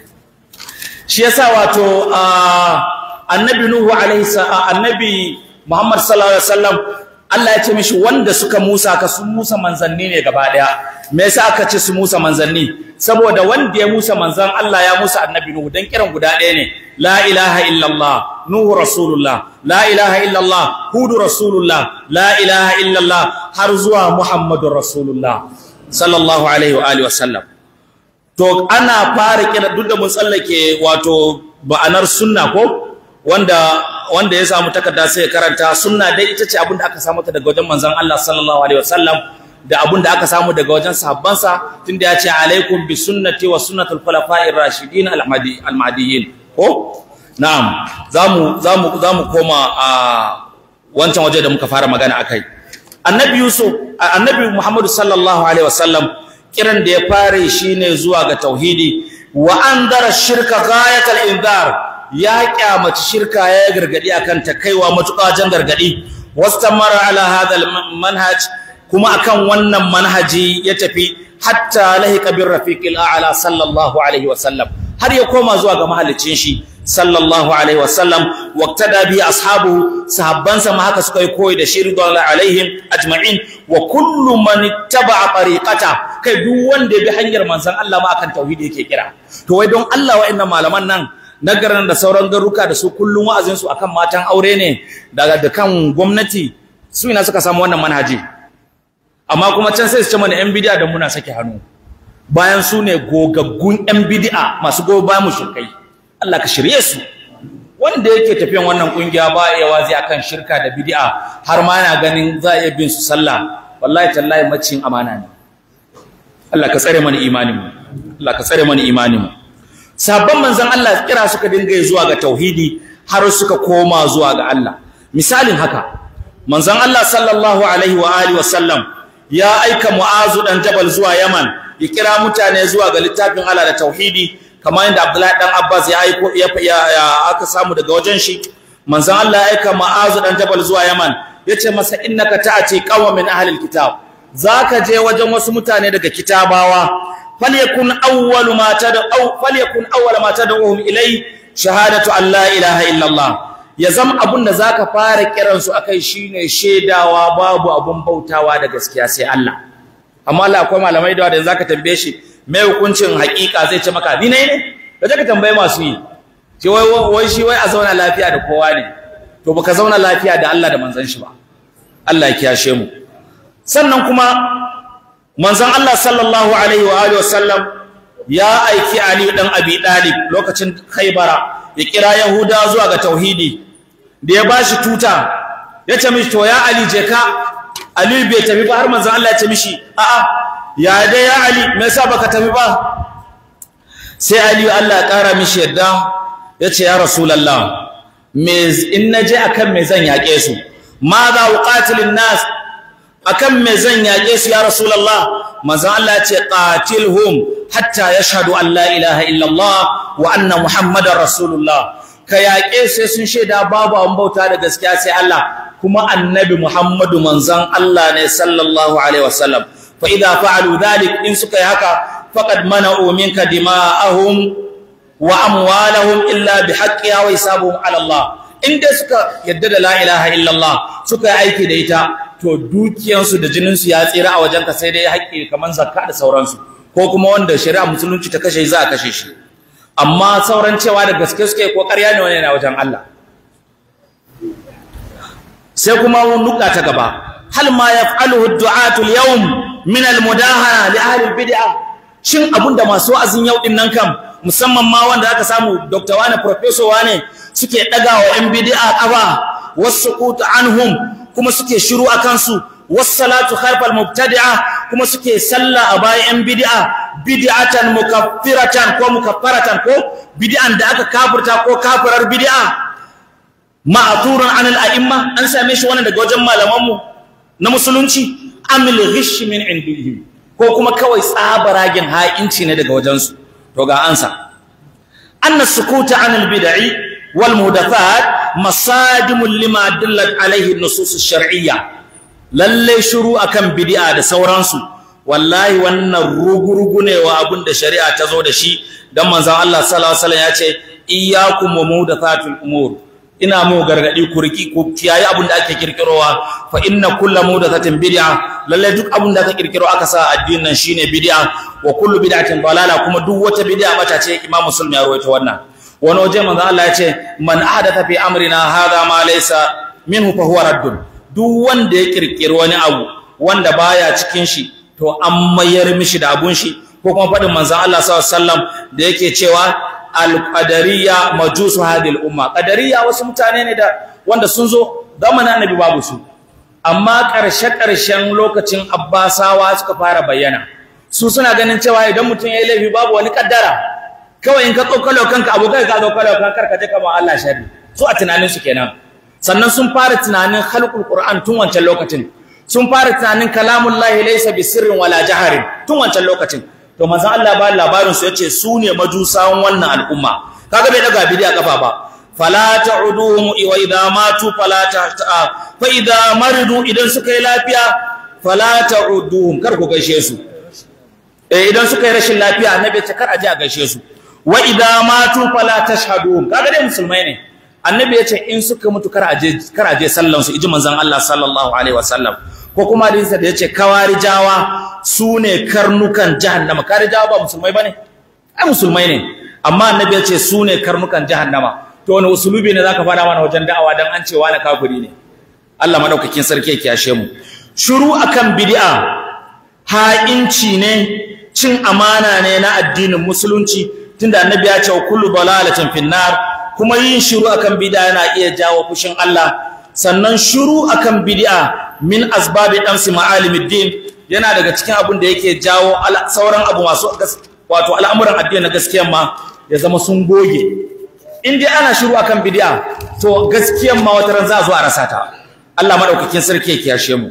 shi yasa wato ah, annabi nuhu alaihi annabi muhammad sallallahu alaihi wasallam Allah ya ce mishi wanda suka musa ka su musa manzanni ne gaba daya me yasa aka ce su musa manzanni saboda wanda ya musa manzan Allah ya musa annabi nuhu dan kiran guda daya ne la ilaha illallah nuhu rasulullah la ilaha illallah hudu rasulullah la ilaha illallah har zuwa muhammadur rasulullah sallallahu alaihi wa alihi wasallam to ana fara kira duk da mun tsallake wato ba'anar sunna ko wanda wanda ya samu takarda sai ya karanta sunna dai ita ce abin da aka samu ta daga wajen manzon Allah sallallahu alaihi wasallam da abin da aka samu daga wajen tun tunda ya ce alaikum bi sunnati wa sunnatul khulafa'ir rashidin al-mahdiyyin ko na'am zamu zamu zamu koma a wancan waje da muka fara magana akai annabi yusuf annabi muhammad sallallahu alaihi wasallam kiran da ya fare shine zuwa ga tauhidi wa andara shirka ghayatul indar ya kyamaci shirka ya gargadi akan ta kaiwa matuƙa jan gargadi wastamara ala hadal manhaj kuma akan wannan manhaji ya tafi hatta lahiqa bir rafiqil a'la sallallahu alaihi sallam. har ya koma zuwa ga mahallicin shi sallallahu alaihi sallam. waqtada bi ashabu sahabbansa ma haka suka yi koyi da shi ridwanullahi alaihim ajma'in wa kullu man ittaba'a tariqata kai duk wanda bi hanyar manzon Allah ma akan tauhidi yake kira to wai don Allah wa'annan malaman nan na garin da sauran garuka da su kullum wa'azin su akan matan aure ne daga kan gwamnati su ina suka samu wannan manhaji amma kuma can sai su ce mana yan da muna saki hannu bayan su ne gogaggun yan masu masu gobe mu shirkai Allah ka shirye su wanda yake tafiyan wannan kungiya ba ya wazi akan shirka da bid'a har ma na ganin za a bin su sallah wallahi tallahi macin amana ne Allah ka tsare mana imanin mu Allah ka tsare mana imanin mu sabon manzon Allah kira suka dinga zuwa ga tauhidi har suka koma zuwa ga Allah misalin haka manzon Allah sallallahu alaihi wa alihi wasallam ya aika Mu'azu dan Jabal zuwa Yaman ya kira mutane zuwa ga littafin Allah da tauhidi kamar yadda Abdullahi dan Abbas ya aiko ya aka samu daga wajen shi manzon Allah ya aika Mu'azu dan Jabal zuwa Yaman yace masa innaka ta'ati qawmin ahlil kitab zaka je wajen wasu mutane daga kitabawa falyakun awwalu ma tad'u falyakun awwala ma tad'uhum ilay shahadatu Allah la ilaha illallah ya zama zam abunda zaka fara kiran su akai shine shaidawa babu abun bautawa da gaskiya sai Allah amma Allah akwai malamai da wanda zaka tambaye shi Mai hukuncin hakika zai ce maka ni ne da zaka tambaye masu yi ce wai shi wai a zauna lafiya da kowa ne to baka zauna lafiya da Allah da manzon shi ba Allah ya kiyashe mu sannan kuma manzon Allah sallallahu alaihi wa alihi wasallam ya aiki Ali dan Abi Talib lokacin Khaybara ya kira Yahuda zuwa ga tauhidi da ya bashi tuta ya ce mishi to ya Ali je ka Ali bai tafi ba har manzon Allah ya ce mishi a'a ya da ya Ali me yasa baka tafi ba sai Ali Allah ya kara mishi yadda ya ce ya Rasulullah me in naje akan me zan yake su ma za uqatilun nas akan me zan yaƙe su ya rasulullah manzo Allah ce qatilhum hatta yashhadu an la ilaha illallah wa anna muhammadar rasulullah ka yaƙe sai sun shaida babu an bauta da gaskiya sai Allah kuma annabi muhammadu manzan Allah ne sallallahu alaihi wasallam fa idza fa'alu dhalik in suka yi haka faqad mana'u minka dima'ahum wa amwalahum illa bihaqqiha wa hisabuhum ala Allah in dai suka yadda da la illallah suka yi aiki da ita to dukiyansu da jininsu ya tsira a wajenka sai dai haƙƙi kaman zakka da sauransu ko kuma wanda shari'a musulunci ta kashe za a kashe shi amma sauran cewa da gaske suke ko ƙarya ne wani yana wajen Allah sai kuma mun nuka ta gaba hal ma yaf'aluhu du'atul yawm min al mudahara li ahli al-bid'ah shin abunda masu wa'azin yau din nan kam musamman ma wanda aka samu Dr. Wane Professor Wane suke dagawa yan bid'a kafa wasu qutu anhum kuma suke shiru a kansu salatu haifar mubtadi'a kuma suke sallah a bayan bid'a bid'atan mukaffiratan ko mukaffaratan ko bid'an da aka kafirta ko kafirar bid'a ma'thurun a a'imma an same shi wannan daga wajen malaman na musulunci amil ghish min indihim ko kuma kawai ragen ha'inci ne daga wajen to ga ansa anna sukuta anan bid'i wal muhdathat masadimul lima dallat alaihi nusus shar'iyya lalle shiru akan bid'a da sauransu wallahi wannan rugurugu ne wa abin da shari'a ta zo da shi dan manzon Allah sallallahu alaihi wasallam ya ce iyyakum muhdathatul umur ina mu gargadi ku riki ku kiyaye abin da ake kirkirowa fa inna kullu muhdathatin bid'a lalle duk abin da aka kirkiro aka sa addinin nan shine bid'a wa kullu bid'atin dalala kuma duk wata bid'a bata ce Imam muslim ya rawaito wannan wani waje manzo Allah ya ce man ahdatha fi amrina hadha ma laysa minhu fa huwa raddun duk wanda ya kirkiri wani abu wanda baya cikin shi to an mayar mishi da abun shi ko kuma fadin manzo Allah sallallahu alaihi wasallam da yake cewa al-qadariyya majusu hadhihi al-umma qadariyya wasu mutane ne da wanda sun zo zamanin annabi babu su amma karshe karshen lokacin abbasawa suka fara bayyana su suna ganin cewa idan mutum yi laifi babu wani kaddara kawai in ka tsokalo kanka abokai ka tsokalo kanka kar ka je kamar Allah sharri su a tunanin su kenan sannan sun fara tunanin halqul qur'an tun wancan lokacin sun fara tunanin kalamullahi laysa bisirrin wala jaharin tun wancan lokacin to manzo Allah ba labarin su yace su ne majusawan wannan al'umma kaga bai daga bidiya kafa ba fala ta'uduhum wa idha matu fala tahta fa idha maridu idan suka yi lafiya fala ta'uduhum kar ku gaishe su eh idan suka yi rashin lafiya annabi ce kar aje a gaishe su wa idza matu fala tashhadu kaga dai musulmai ne annabi yace in suka mutu kar aje kar aje sallan su iji manzon Allah sallallahu alaihi wasallam ko kuma hadisi da yace kawarijawa sune karnukan jahannama kawarijawa ba musulmai bane ai musulmai ne amma annabi yace sune karnukan jahannama to wani usulubi ne zaka fada mana wajen da'awa dan an ce wala kafiri ne Allah madaukakin sarki yake yashe mu shuru akan bid'a ha'inci ne cin amana ne na addinin musulunci tunda annabi ya ce kullu dalalatin finnar kuma yin shiru akan bid'a yana iya jawo fushin Allah sannan shiru akan bid'a min asbabi damsi din yana daga cikin abin da yake jawo sauran abu masu wato al'amuran addini na gaskiya ma ya zama sun goge in dai ana shiru akan bid'a to gaskiyar ma wata ran za a zo a rasa Allah madaukakin sarki ya kiyashe mu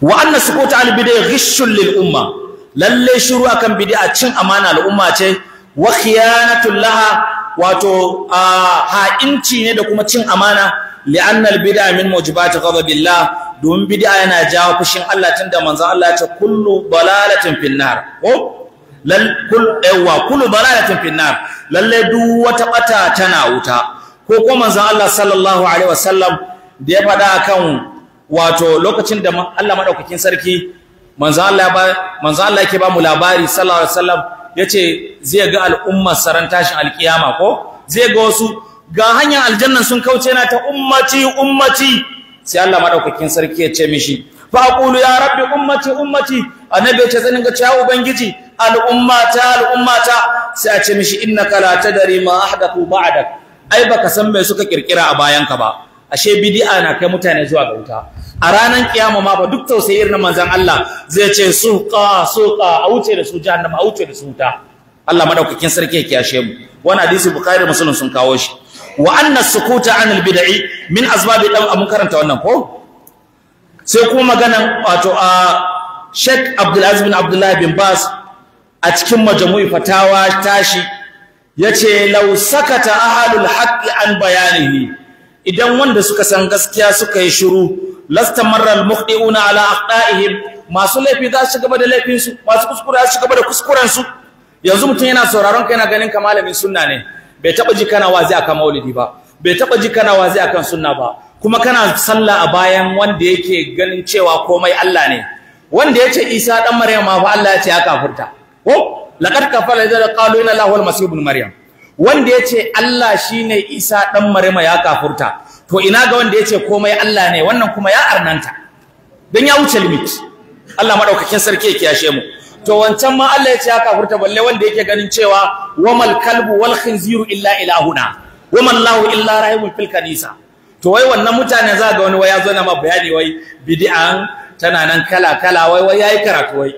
wa anna sukutu al bid'a ghishshun lil umma lalle shiru akan bid'a cin amana al'umma ce wa khiyanatul laha wato ha'inci ne da kuma cin amana li'anna al-bid'a min mujibati ghadabillah domin bid'a yana jawo fushin Allah tunda manzon Allah ya ce kullu balalatin finnar ko lal kul aywa kullu balalatin finnar lalle duk wata bata tana wuta ko ko manzon Allah sallallahu alaihi wasallam da ya faɗa akan wato lokacin da Allah madaukakin sarki manzo Allah yake ba mu labari sallallahu alaihi wasallam yace zai ga al'ummar saran tashin alkiyama ko zai ga wasu ga hanyar aljannan sun kauce na ta ummati ummati sai Allah madaukakin sarki ya ce mishi fa aqulu ya rabbi ummati ummati annabi ce zanin ga cewa ubangiji al'ummata al'ummata sai a ce mishi innaka la tadri ma ahdathu ba'dak ai baka san me suka kirkira a bayanka ba ashe bid'a na kai mutane zuwa ga wuta a ranar kiyama ma ba duk tausayi na manzan Allah zai ce suqa suqa a wuce da su jahannama a wuce da su wuta Allah madaukakin sarki ya kiyashe mu wani hadisi bukhari muslim sun kawo shi wa anna sukuta anil bid'i min asbabi dan amun karanta wannan ko sai kuma maganan wato a Sheikh Abdul Aziz bin Abdullah bin Bas a cikin majmu'i fatawa tashi yace law sakata ahlul haqqi an bayanihi idan wanda suka san gaskiya suka yi shiru Lasta lastamarra almuqti'una ala aqda'ihim masu laifi za su shiga da laifin su masu kuskure za su shiga da kuskuren su yanzu mutun yana sauraron ka yana ganin ka malamin sunna ne bai taba ji kana wazi akan maulidi ba bai taba ji kana wazi akan sunna ba kuma kana sallah a bayan wanda yake ganin cewa komai Allah ne wanda yace Isa dan Maryam ma fa Allah ce ya kafirta ko laqad kafala idza qalu inna lahu al-masih ibn Maryam wanda yace Allah shine Isa dan Maryam ya kafirta to ina ga wanda yace komai Allah ne wannan kuma ya arnanta dan ya wuce limit Allah madaukakin sarki ya kiyashe mu to wancan ma Allah yace haka furta balle wanda yake ganin cewa wamal kalbu wal khinziru illa ilahuna wamal lahu illa rahimul fil kanisa to wai wannan mutane za ga wani wai zo na ma bayani wai bid'an tana nan kala kala wai wai yayi karatu wai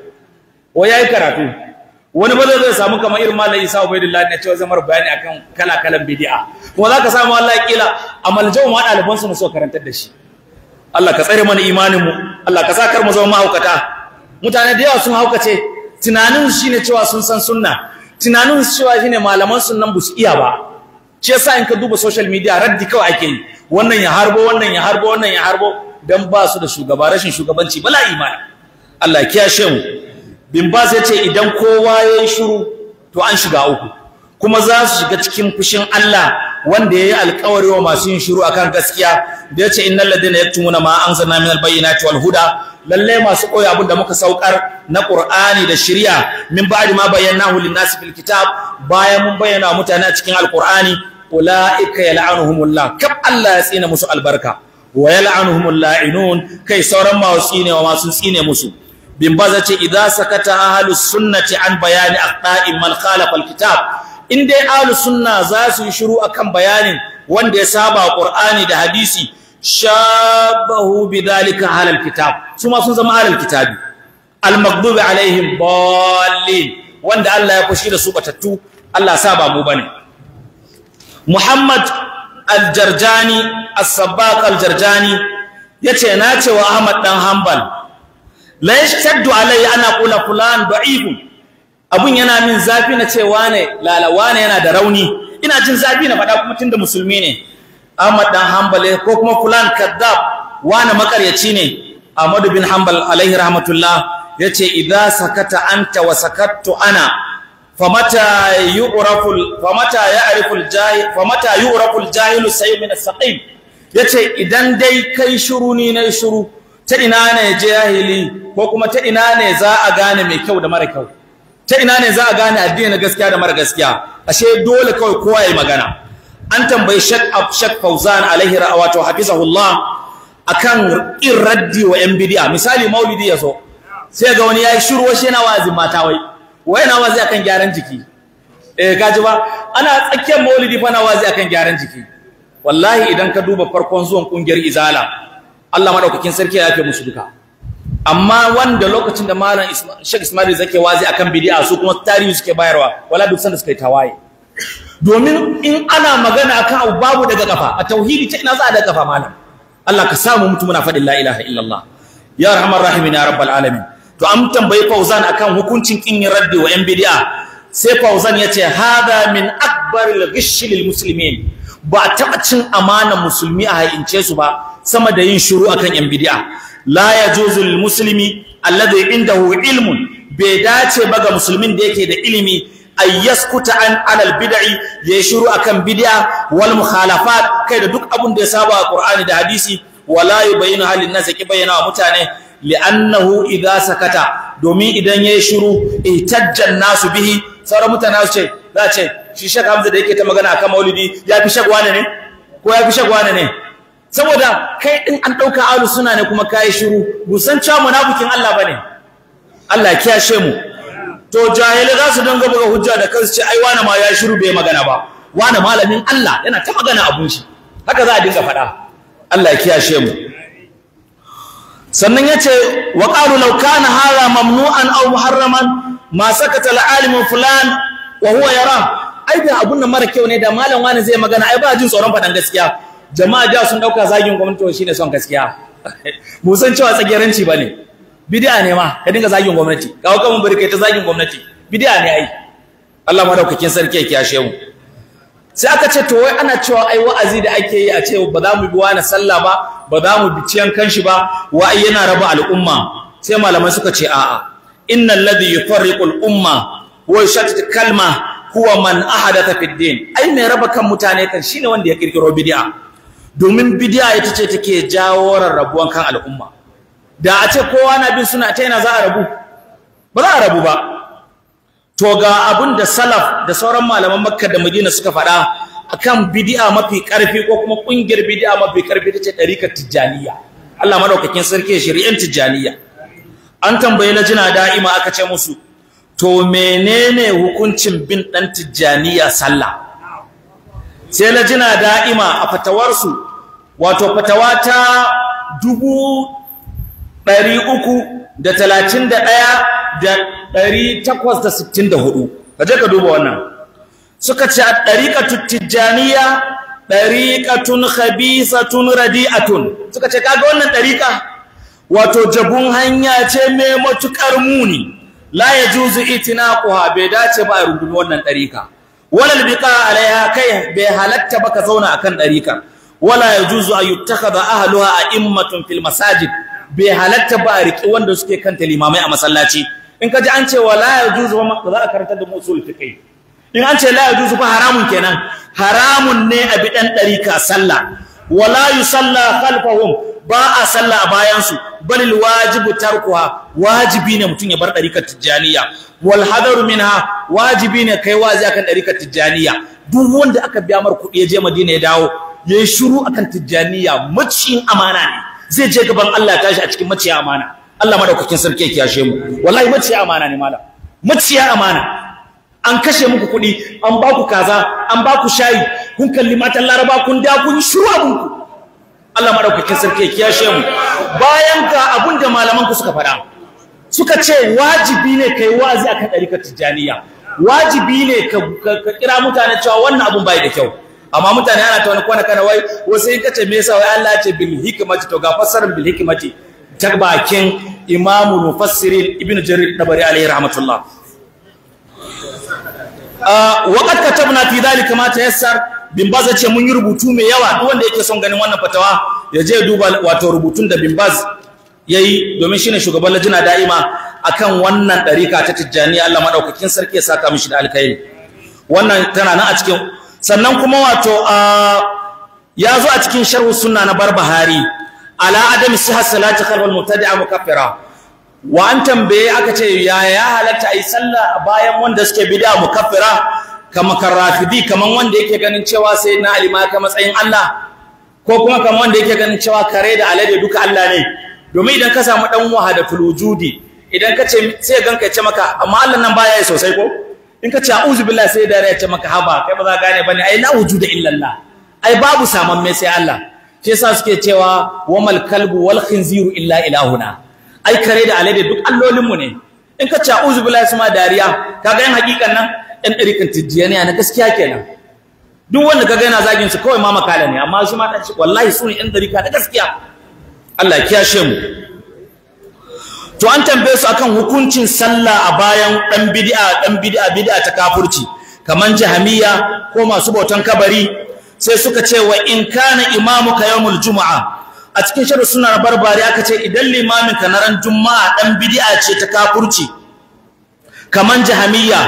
wai yayi karatu wani ba zai samu kamar irin malam Isa Ubaidullah ne cewa zamar bayani akan kala-kalan bid'a kuma zaka samu wallahi kila amal jawu ma daliban su ne so karantar da shi Allah ka tsare mana imanin mu Allah ka sakar mu zama haukata. mutane da yawa sun haukace tunanin shine cewa sun san sunna tunanin cewa shine malaman sunnan ba su iya ba shi yasa in ka duba social media raddi kawai ake yi wannan ya harbo wannan ya harbo wannan ya harbo dan ba su da shugaba rashin shugabanci bala imani Allah ya kiyashe mu bimbas ya ce idan kowa ya yi shiru to an shiga uku kuma za su shiga cikin fushin Allah wanda ya yi alkawari wa masu yin shiru akan gaskiya da ya ce innal ladina yaktumuna ma anzalna minal bayyinati wal huda lalle masu koyi abin da muka saukar na Qur'ani da shari'a min ba'di ma bayyanahu lin-nasi fil kitab bayan mun bayyana mutane a cikin alqur'ani ulaika yal'anuhumullah kab Allah ya tsina musu albarka wa yal'anuhumul la'inun kai sauran ma tsine wa masu tsine musu bin baza ce idza sakata ahlus sunnati an bayani aqta'in man khalafa alkitab in dai ahlus sunna za su yi shiru akan bayanin wanda ya saba qur'ani da hadisi shabahu bidhalika ahlul kitab su ma sun zama ahlul kitabi almaghdubi alaihim dallin wanda Allah ya kushi da su batattu Allah saba mu bane Muhammad aljarjani as-sabbaq aljarjani yace na cewa Ahmad dan Hanbal la yashaddu alayya ana qula fulan da'ifun abun yana min zafi na cewa ne lalawa ne yana da rauni ina jin zafi na faɗa kuma tunda musulmi ne Ahmad dan Hanbal ko kuma fulan kaddab wane makaryaci ne Ahmad bin Hanbal alayhi rahmatullah yace idza sakata anta wa sakattu ana famata yu'raful famata ya'riful jahil famata yu'raful jahilu sayyidun saqim yace idan dai kai shuru ni nay shuru ta ina ne jahili ko kuma ta ina ne za a gane mai kyau da mara kyau ta ina ne za a gane addini na gaskiya da mara gaskiya ashe dole kawai kowa yayi magana an tambayi ab Sheikh Fauzan alaihi wato hafizahullah akan in wa yan bid'a misali maulidi yazo sai ga wani yayi shiru washe yana wazi mata wai wai yana wazi akan gyaran jiki eh kaji ba ana tsakiyar maulidi fa na wazi akan gyaran jiki wallahi idan ka duba farkon zuwan kungiyar izala Allah maɗaukakin sarki ya yafe musu duka amma wanda lokacin da malam Sheikh Ismail zake wazi akan bid'a su kuma tarihi suke bayarwa wala duk sanda suke tawaye domin in ana magana akan abu babu daga kafa a tauhidi ta ina za a daga kafa malam Allah ka samu mutum muna faɗin la ilaha illallah ya rahman rahimin ya rabbal alamin to an tambayi Fauzan akan hukuncin kin yin raddi wa yan bid'a sai Fauzan yace hada min akbaril ghish lil muslimin ba taɓa cin amana musulmi a hayince su ba sama da yin shiru akan yan bid'a la yajuzu lil muslimi alladhi indahu ilmun bai dace ba ga musulmin da yake da ilimi ayyaskuta an alal bid'i ya shiru akan bid'a wal mukhalafat kai da duk abun da ya saba Qur'ani da hadisi wala yubayinu halin nas ki bayyana wa mutane li'annahu idha sakata domin idan yayi shiru itajjan nasu bihi sauran mutane su ce za ce shi Sheikh Hamza da yake ta magana akan Maulidi ya fi shagwana ne ko ya fi shagwana ne saboda kai din an dauka alu suna ne kuma kai shiru busan cewa munafikin Allah bane Allah ya kiyashe mu to jahili za su dinga buga hujja da kansu ce ai wani ma ya shiru bai magana ba wani malamin Allah yana ta magana abun shi haka za a dinga faɗa Allah ya kiyashe mu sannan yace wa qalu law kana hala mamnu'an aw muharraman ma sakata al-alim fulan wa huwa yara aidan abun nan mara kyau ne da malam wani zai magana ai ba jin tsoron faɗan gaskiya jama'a da sun dauka zagin gwamnati shine son gaskiya [laughs] mu san cewa tsagiranci bane bid'a ne ma ka dinga zagin gwamnati kawo kamun bari kai ta zagin gwamnati bid'a ne ai Allah madaukakin sarki yake ashe mu sai aka ce to wai ana cewa ai wa'azi da ake yi a ce ba za mu bi wani sallah ba ba za mu bi ciyan kanshi ba wai yana raba al'umma sai malamai suka ce a'a innal ladhi yufarriqul umma wa yashattat kalma huwa man ahadatha fid din ai mai raba kan mutane kan shine wanda ya kirkiro bid'a domin bidiya ita ce take jawo rarrabuwan kan al'umma da a ce kowa na bin suna ta yana za a rabu ba za a rabu ba to ga abin da salaf da sauran malaman makka da madina suka faɗa akan bidiya mafi karfi ko kuma ƙungiyar bidiya mafi karfi ta ce ɗarikar tijjaniya Allah madaukakin sarki shari'an tijjaniya an tambayi tambaye jina da'ima aka ce musu to menene hukuncin bin ɗan tijjaniya sallah sai jina da'ima a fatawarsu wato fatawa ta dubu ɗari uku da talatin da ɗaya da ɗari takwas da sittin da hudu ka je ka duba wannan suka ce a ɗariƙatun tijjaniya tun khabisatun radi'atun suka ce kaga wannan ɗarika?' wato jabun hanya ce mai matuƙar muni la ya itinaquha bai dace ba a rubuta wannan ɗarika. walal biqa alaiha kai bai halatta baka zauna akan dariqa wala yajuzu an yuttakhadha ahluha a'immatun fil masajid bai halatta ba riki wanda suke kanta limamai a masallaci in kaji an ce wala yajuzu ma za a karanta da musul fiqi in an ce la yajuzu fa haramun kenan haramun ne a bidan dariqa sallah wala yusalla khalfahum ba a sallah a bayansu balil wajibu tarkuha wajibi ne mutum ya bar ɗarikar tijjaniya wal hadaru minha wajibi ne kai wazi akan ɗarikar tijjaniya duk wanda aka biya mar kuɗi ya je madina ya dawo ya yi shiru akan tijjaniya maciyin amana ne zai je gaban Allah tashi a cikin maciya amana Allah madaukakin sarki ya kiyashe mu wallahi maciya amana ne malam maciya amana an kashe muku kuɗi an ba ku kaza an ba ku shayi kun kalli matan laraba kun da kun shiru abinku Allah madaukakin sarki ya kiyashe mu bayan ka abun da malaman ku suka faɗa suka ce wajibi ne kai wazi akan ɗarikar tijaniya wajibi ne ka kira mutane cewa wannan abun bai da kyau amma mutane ana ta wani kwana kana wai wasu in kace me yasa wai Allah ya ce bil hikmati to ga fassarar bil hikmati ta bakin Imam Mufassirin Ibn Jarir Tabari alaihi rahmatullah ah, qad katabna fi dhalika ma تيسر Bimbaz ce mun yi rubutu mai yawa duk wanda yake son ganin wannan fatawa ya je duba wato rubutun da Bimbaz yayi domin shine shugaban lajina da'ima akan wannan ɗarika ta tijjani Allah madaukakin sarki ya saka mishi da alkhairi wannan tana nan a cikin sannan kuma wato ya zo a cikin sharhu sunna na barbahari ala adam siha salati khalwal mubtadi'a mukaffira wa an tambaye aka ce yaya ya halatta yi sallah bayan wanda suke bid'a mukaffira kama karrafidi kaman wanda yake ganin cewa sai na alima ka matsayin Allah ko kuma kaman wanda yake ganin cewa kare da alade duka Allah ne domin idan ka samu dan wahadatul wujudi idan ka ce sai ganka ce maka amma Allah nan baya yi sosai ko in ka ce a'udhu billahi sai da ya ce maka haba kai ba za ka gane bane ai la wujuda illa Allah ai babu saman mai sai Allah shi yasa suke cewa wamal kalbu wal khinziru illa ilahuna ai kare da alade duk allolin mu ne in ka ce a'udhu billahi suma dariya kaga yin hakikan nan ɗan ɗarikan a na gaskiya kenan duk wanda ka gaina zagin su kawai ma makala ne amma shi ma shi wallahi su ne ɗan ɗarika na gaskiya Allah ya kiyashe mu to an tambaye su akan hukuncin sallah a bayan ɗan bidi'a ɗan bidi'a bidi'a ta kafurci kamar jahamiya ko masu bautan kabari sai suka ce wa in kana imamuka yawmul juma'a a cikin shirin suna barbari aka ce idan limamin ka na ran juma'a ɗan bidi'a ce ta kafurci kaman jahamiyya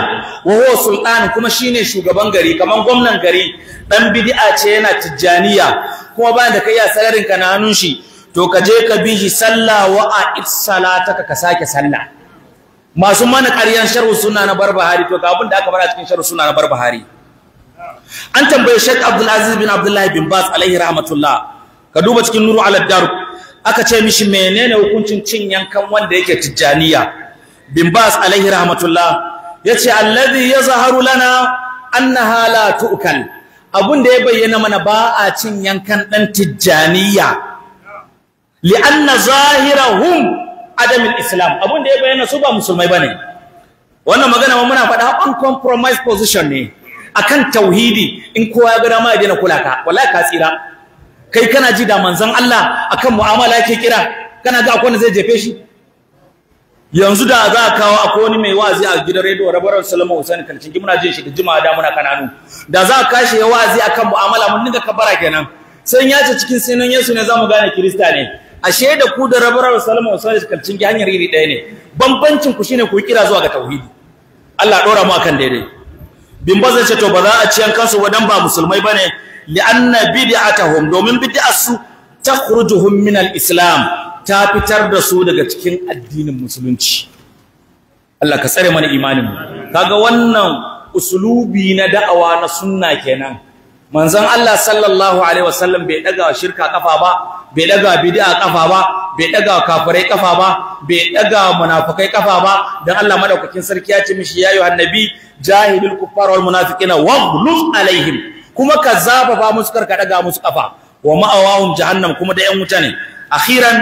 wa huwa sultan kuma shine shugaban gari kaman gwamnan gari dan bid'a ce yana tijjaniya kuma bayan da kai ya sararin ka na hannun shi to ka je ka bi shi sallah wa a'id salataka ka sake sallah masu mana ƙaryan sharhu sunna na barbahari to ga abin da aka bar a cikin sharhu sunna na barbahari an tambaye Sheikh Abdul Aziz bin Abdullah bin bas alaihi rahmatullah ka duba cikin nuru ala aka ce mishi menene hukuncin cin yankan wanda yake tijjaniya bin bas alaihi rahmatullah yace alladhi yazharu lana annaha la tu'kal abun da ya bayyana mana ba a cin yankan ɗan tijjaniya li'anna zahirahum adam adamin islam abun da ya bayyana su ba musulmai ba ne. wannan magana muna faɗa compromise position ne akan tauhidi in kowa ya ga ma ya daina kula ka wallahi ka tsira kai kana ji da manzon Allah akan mu'amala ke kira kana ga akwai wanda zai jefe shi yanzu da za a kawo akwai wani mai wazi a gidan rediyo rabaran salama usaini kalcingi muna jin shi da jima'a da muna kananu da za a kashe ya wazi akan mu'amala mun dinga kabara kenan sai ya ce cikin sinan yesu ne zamu gane kirista ne ashe da ku da rabaran salama kalcin kalcingi hanyar iri ɗaya ne bambancin ku shine ku kira zuwa ga tauhidi Allah dora mu akan daidai bin bazan ce to ba za a ci an kansu wadan ba musulmai ba bane li'anna bid'atuhum domin bid'asu takhrujuhum min al-islam ta fitar da su daga cikin addinin musulunci Allah ka tsare mana imanin mu kaga wannan usulubi na da'awa na sunna kenan manzon Allah sallallahu alaihi wasallam bai daga shirka kafa ba bai daga bid'a kafa ba bai daga kafirai kafa ba bai daga munafikai kafa ba dan Allah madaukakin sarki ya ce mishi ya yuhan nabi jahilul kuffar wal munafiqina waghluz alaihim kuma ka zafafa musu karka daga musu kafa wa ma'awahum jahannam kuma da yan wuta ne akhiran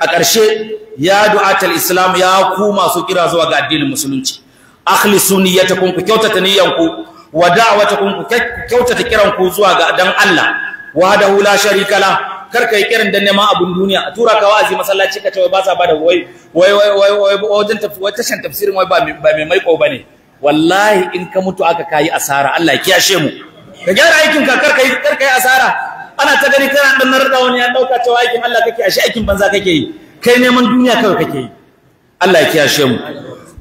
a ƙarshe ya al islam ya ku masu kira zuwa ga addinin musulunci akhlisu niyyatakum ku kyautata niyyanku wa da'watakum ku kyautata kiranku zuwa ga dan Allah wahdahu hula sharika la kar kai kiran dan neman abun duniya a tura ka wa'azi masallaci ka ce ba sa bada wai wai wai wai wajen tashan tafsirin wai ba mai maiko bane wallahi in ka mutu aka kai asara Allah ya kiyashe mu ka gyara aikin ka kar kai kar kai asara ana ta gani kana dan narda wani ya dauka cewa aikin Allah kake shi aikin banza kake yi kai neman duniya kawai kake yi Allah ya kiyashe mu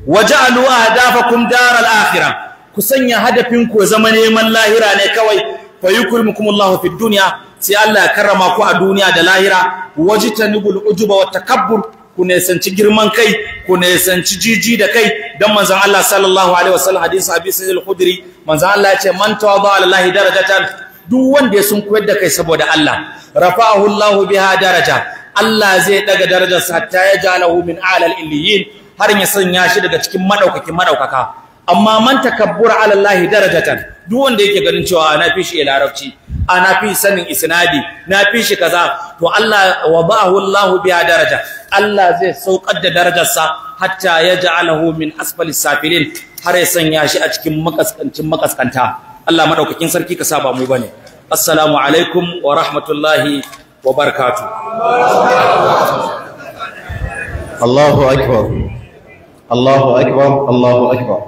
waja'alu ahdafakum daral akhirah ku sanya hadafin ku zama neman lahira ne kawai fayukrimukumullahu fid dunya sai Allah ya karrama ku a duniya da lahira wajtanibul ujuba wat takabbur ku nesanci girman kai ku nesanci jiji da kai dan manzon Allah sallallahu alaihi wasallam hadisi abi sa'id al-khudri manzon Allah ya ce man tawada lillahi darajatan duk wanda ya sun koyar da kai saboda Allah rafa'ahu Allahu biha daraja Allah zai daga darajarsa ya jalahu min a'lal illiyin har ya sanya shi daga cikin madaukakin madaukaka amma man takabbura ala Allah darajatan duk wanda yake ganin cewa na fi shi larabci ana fi sanin isnadi na fi shi kaza to Allah wadahu Allahu biha daraja Allah zai saukar da darajarsa hatta ya ja'alahu min asfalis safilin har ya sanya shi a cikin makaskancin makaskanta Allah madaukakin sarki ka saba mu bane assalamu alaikum wa rahmatullahi wa barakatuh Allahu akbar Allahu akbar Allahu akbar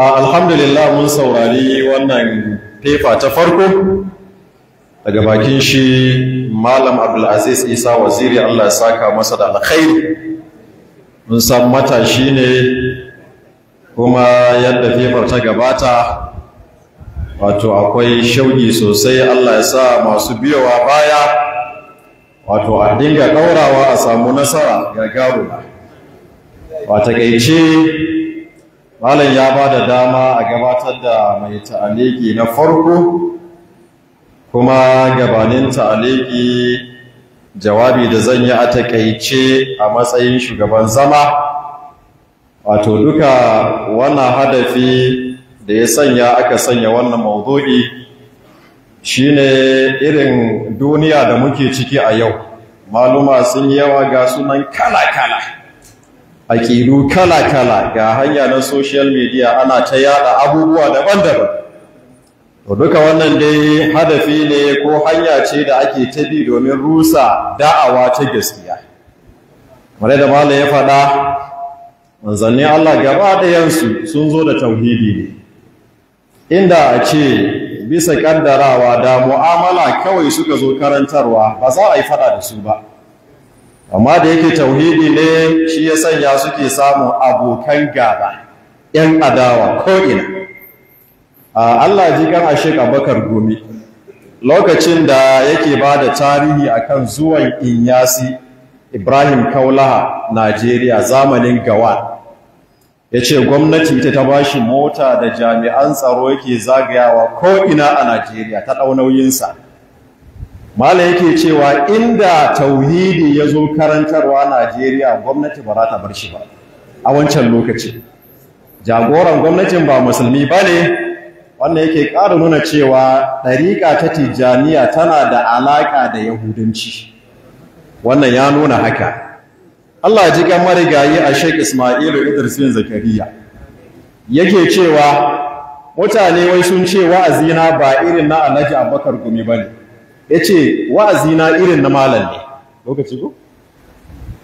ah, alhamdulillah mun saurari wannan fefa ta farko daga bakin shi malam abdulaziz isa waziri allah ya saka masa da alkhairi mun san matashi ne kuma yadda fefar ta gabata wato akwai shauƙi sosai Allah ya sa masu biyowa baya wato a dinga ɗaurawa a samu nasara gagaru ba takaice malam ya ba da dama a gabatar da mai ta'aliki na farko kuma gabanin ta'aliki jawabi da zan yi a takaice a matsayin shugaban zama wato duka wannan hadafi da ya sanya aka sanya wannan shi shine irin duniya da muke ciki a yau maluma sun yawa ga sunan kala-kala aƙidu kala-kala ga hanya na social media ana ta yada abubuwa daban-daban to duka wannan dai hadafi ne ko hanya ce da ake ta bi domin rusa da'awa ta gaskiya kamar da malam ya faɗa manzannin Allah gaba ɗayansu sun zo da tauhidi ne inda a ce bisa ƙaddarawa da mu'amala kawai suka zo karantarwa ba za a yi fada da su ba amma da yake tauhidi ne shi ya sanya suke samun abokan gaba ‘yan adawa ko'ina Allah ji kan ashe bakar gomi lokacin da yake ba da tarihi akan zuwan inyasi ibrahim kaulaha najeriya zamanin gawa. ya ce gwamnati ita ta bashi mota da jami'an tsaro yake zagayawa ko'ina a najeriya ta ɗau nauyinsa mala yake cewa inda tauhidi ya zo karantarwa najeriya gwamnati ba za ta bar shi ba a wancan lokaci jagoran gwamnatin ba musulmi ba ne wanda yake ƙara nuna cewa ɗariƙa ta tijjaniya tana da alaƙa da yahudanci wannan ya nuna haka Allah ji kan marigayi a Sheikh Ismailu Idris bin Zakariya yake cewa mutane wai sun ce wa'azina ba irin na Annabi Abubakar Gumi bane yace wa'azina irin na malam ne lokaci ko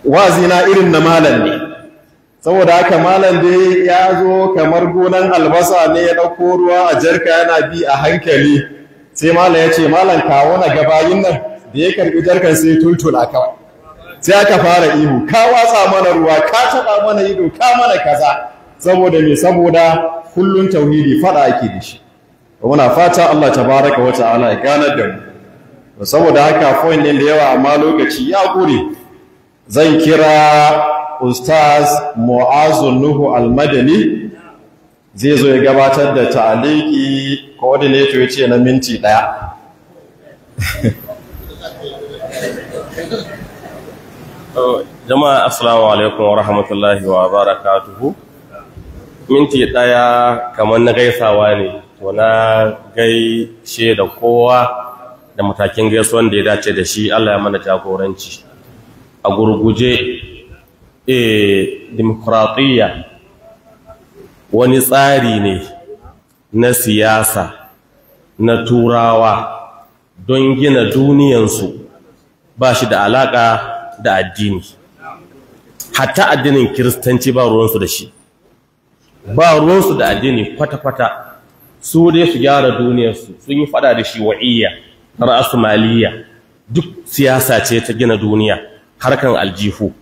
wa'azina irin na malam ne saboda haka malam dai ya zo kamar gonan albasa ne ya dauko ruwa a jarka yana bi a hankali sai malam ya ce malam kawo na gabayin nan da ya karbi jarkan sai tultula kawai sai aka fara ihu ka watsa mana ruwa ka taba mana ido ka mana kaza saboda me saboda kullun tauhidi fada ake da shi muna fata Allah tabaraka wata ala ya ganar da mu saboda haka point din da yawa amma lokaci ya gure zan kira ustaz mu'azu nuhu Al-Madani, zai zo ya gabatar da ta'aliki coordinator ya ce na minti daya [laughs] jama'a assalamu alaikum wa rahmatullahi wa barakatuhu minti daya kamar na gaisawa ne to na gaishe da kowa da matakin gaisuwan da ya dace da shi Allah ya mana jagoranci a gurguje eh demokratiya wani tsari ne na siyasa na turawa don gina duniyansu ba shi da alaƙa. da addini hatta addinin kiristanci ba ruwansu da shi ba ruwansu da addini kwata-kwata su dai su gyara duniyarsu sun yi fada da shi wa'iyya ra'asu maliyya duk siyasa ce ta gina duniya harkan aljihu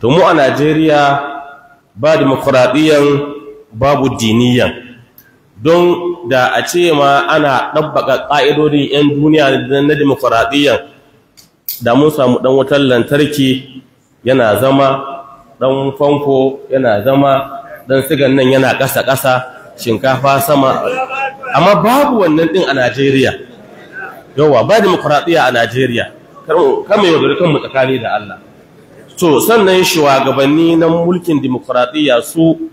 to mu a Najeriya ba dimokuraɗiyyan babu diniyan don da a ce ma ana ɗabbaka ƙa'idodin 'yan duniya na dimokuraɗiyyan da mun samu ɗan wutar lantarki yana zama ɗan famfo yana zama ɗan sigan nan yana ƙasa kasa shinkafa sama amma babu wannan din a najeriya yawa ba demokradiya a najeriya mai yaudari kanmu tsakani da allah so sannan shugabanni na mulkin demokradiya su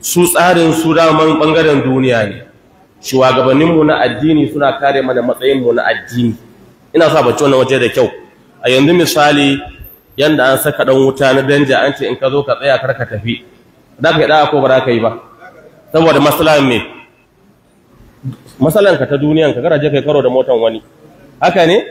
su tsarin su daman ɓangaren duniya ne shugabanninmu na addini suna kare mana matsayinmu na addini ina sa bacci wannan waje da kyau a yanzu misali yanda an saka ɗan wuta na danja an ce in ka zo ka tsaya kar ka tafi za ka yi ko ba za ka yi ba saboda masalan me masalan ka ta duniyan ka garaje kai karo da motan wani haka ne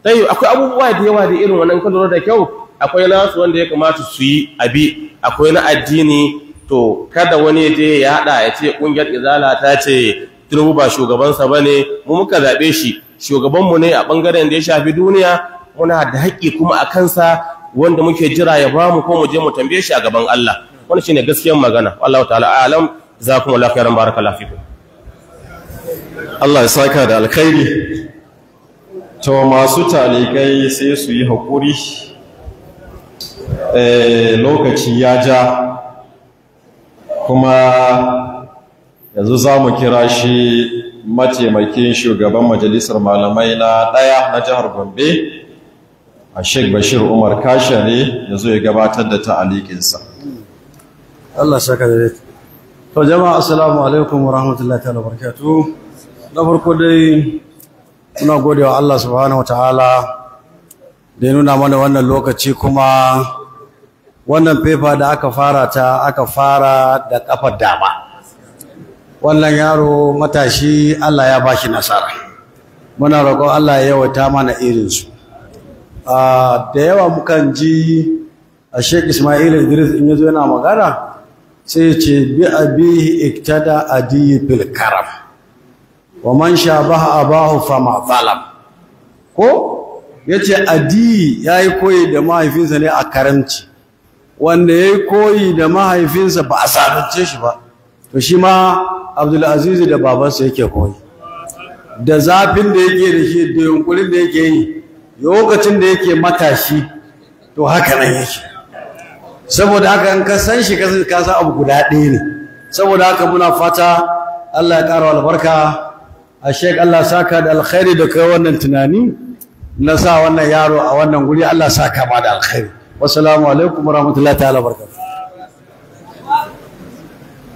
sai akwai abubuwa da yawa da irin wannan kadoro da kyau akwai nasu wanda ya kamata su yi abi akwai na addini to kada wani je ya haɗa, ya ce ƙungiyar izala ta ce tunubu ba shugabansa bane mu muka zaɓe shi shugabanmu ne a ɓangaren da ya shafi duniya muna da haƙƙi kuma a kansa wanda muke jira ya bamu ko mu je mu tambaye shi a gaban Allah wannan shine gaskiyar magana Allah ta'ala alam jazakumullahu khairan barakallahu fikum Allah ya saka da alkhairi to masu talikai sai su yi hakuri eh lokaci ya ja kuma yanzu za mu kira shi mataimakin shugaban majalisar malamai na ɗaya na jihar gombe a sheik bashir umar kasha ne ya zo ya gabatar da ta'alikinsa Allah saka da to jama'a assalamu alaikum wa rahmatullahi ta'ala barakatu na farko dai muna gode wa Allah subhanahu wa ta'ala da ya nuna mana wannan lokaci kuma wannan fefa da aka fara ta aka fara da kafar dama wannan yaro matashi Allah ya bashi nasara muna roƙon Allah ya yawaita mana irinsu da yawa mukan ji a sheik ismail idris in yazo yana magana sai ce bi abi iktada adi bil karam wa man shabaha abahu fama zalam ko yace adi yayi koyi da mahaifinsa ne a karamci wanda yayi koyi da mahaifinsa ba a sadance shi ba to shi ma aziz da babansa yake koyi da zafin da yake da shi da yunkurin da yake yi lokacin da yake matashi to haka nan yake saboda haka in ka san shi ka san abu guda ɗaya ne saboda haka muna fata Allah ya ƙara albarka a shek Allah saka da alkhairi da kai wannan tunani na sa wannan yaro a wannan guri Allah saka ma da alkhairi wassalamu alaikum warahmatullahi ta'ala barakatuh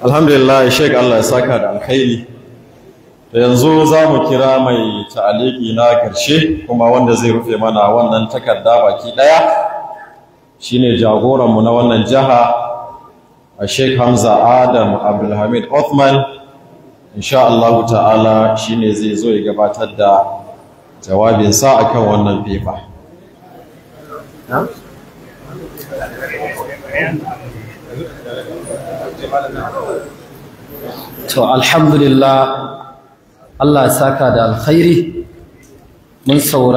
alhamdulillah shek Allah ya saka da alkhairi yanzu za mu kira mai ta'aliki na karshe kuma wanda zai rufe mana wannan takarda baki ɗaya shine jagoranmu na wannan jiha a sheik hamza adam abdulhamid othman insha Allah ta'ala shine zai zo ya gabatar da jawabinsa a kan wannan fefa to alhamdulillah Allah ya saka da alkhairi mun saura